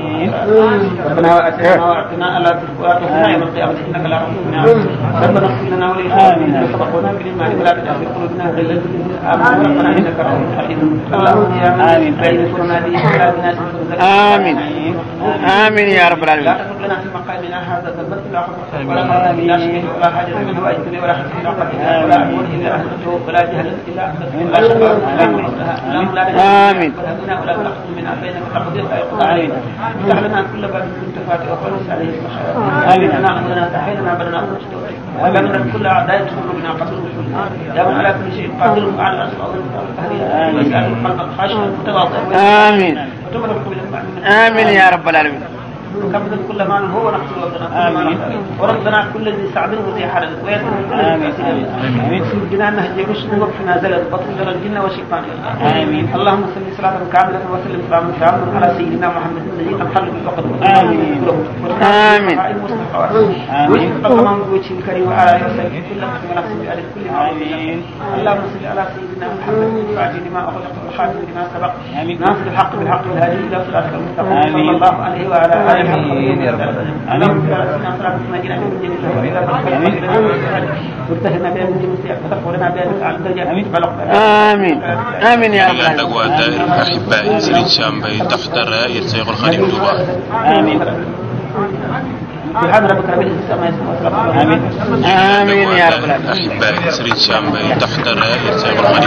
Speaker 3: ربنا واتنا وعدتنا الا تخزنا يوم القيامه انك لا تخزنا ربنا اغفر لنا ولاخواننا سبقونا بالايمان ولا تجعل في قلوبنا غلا امين ربنا انك رؤوف رحيم اللهم يا من امين بين مناديا منادينا امين امين يا رب العالمين لا تترك لنا في مقامنا هذا ذنبا الا غفرته ولا مرضا من ناشئه ولا حاجه منه اجل ولا حسن ولا قدر ولا امور الا احسنته ولا آمين آمين كل أعداء تمر بنا قتل دام على كل شيء قادر على أسرع آمين آمين يا رب العالمين كبدا كل ما هو نقص وربنا كل ذي سعد وذي حرج ويسر كل ذي بنا نهجك شنو وقفنا زلل بطل الجن والشيطان امين اللهم صل صلاه كامله وسلم سلاما تاما على سيدنا محمد الذي قد حل فقد امين امين امين اللهم وجه الكريم وعلى اله وصحبه كل نفس بألف كل امين اللهم صل على سيدنا محمد الفاتح لما اغلق والحاكم لما سبق ناصر الحق بالحق والهادي الى صراطك المستقيم صلى الله عليه وعلى اله آمين يا رب آمين آمين يا رب
Speaker 4: العالمين waa daahira Axibaa'i Serigne Sam Mbaye tax dara yéen Seexul Xadiim Tuuba
Speaker 3: آمين سبحان ربك رب العزة عما يصفون
Speaker 4: آمين آمين يا رب العالمين أحبائي سريج شامبي تحت الراية سيد الغني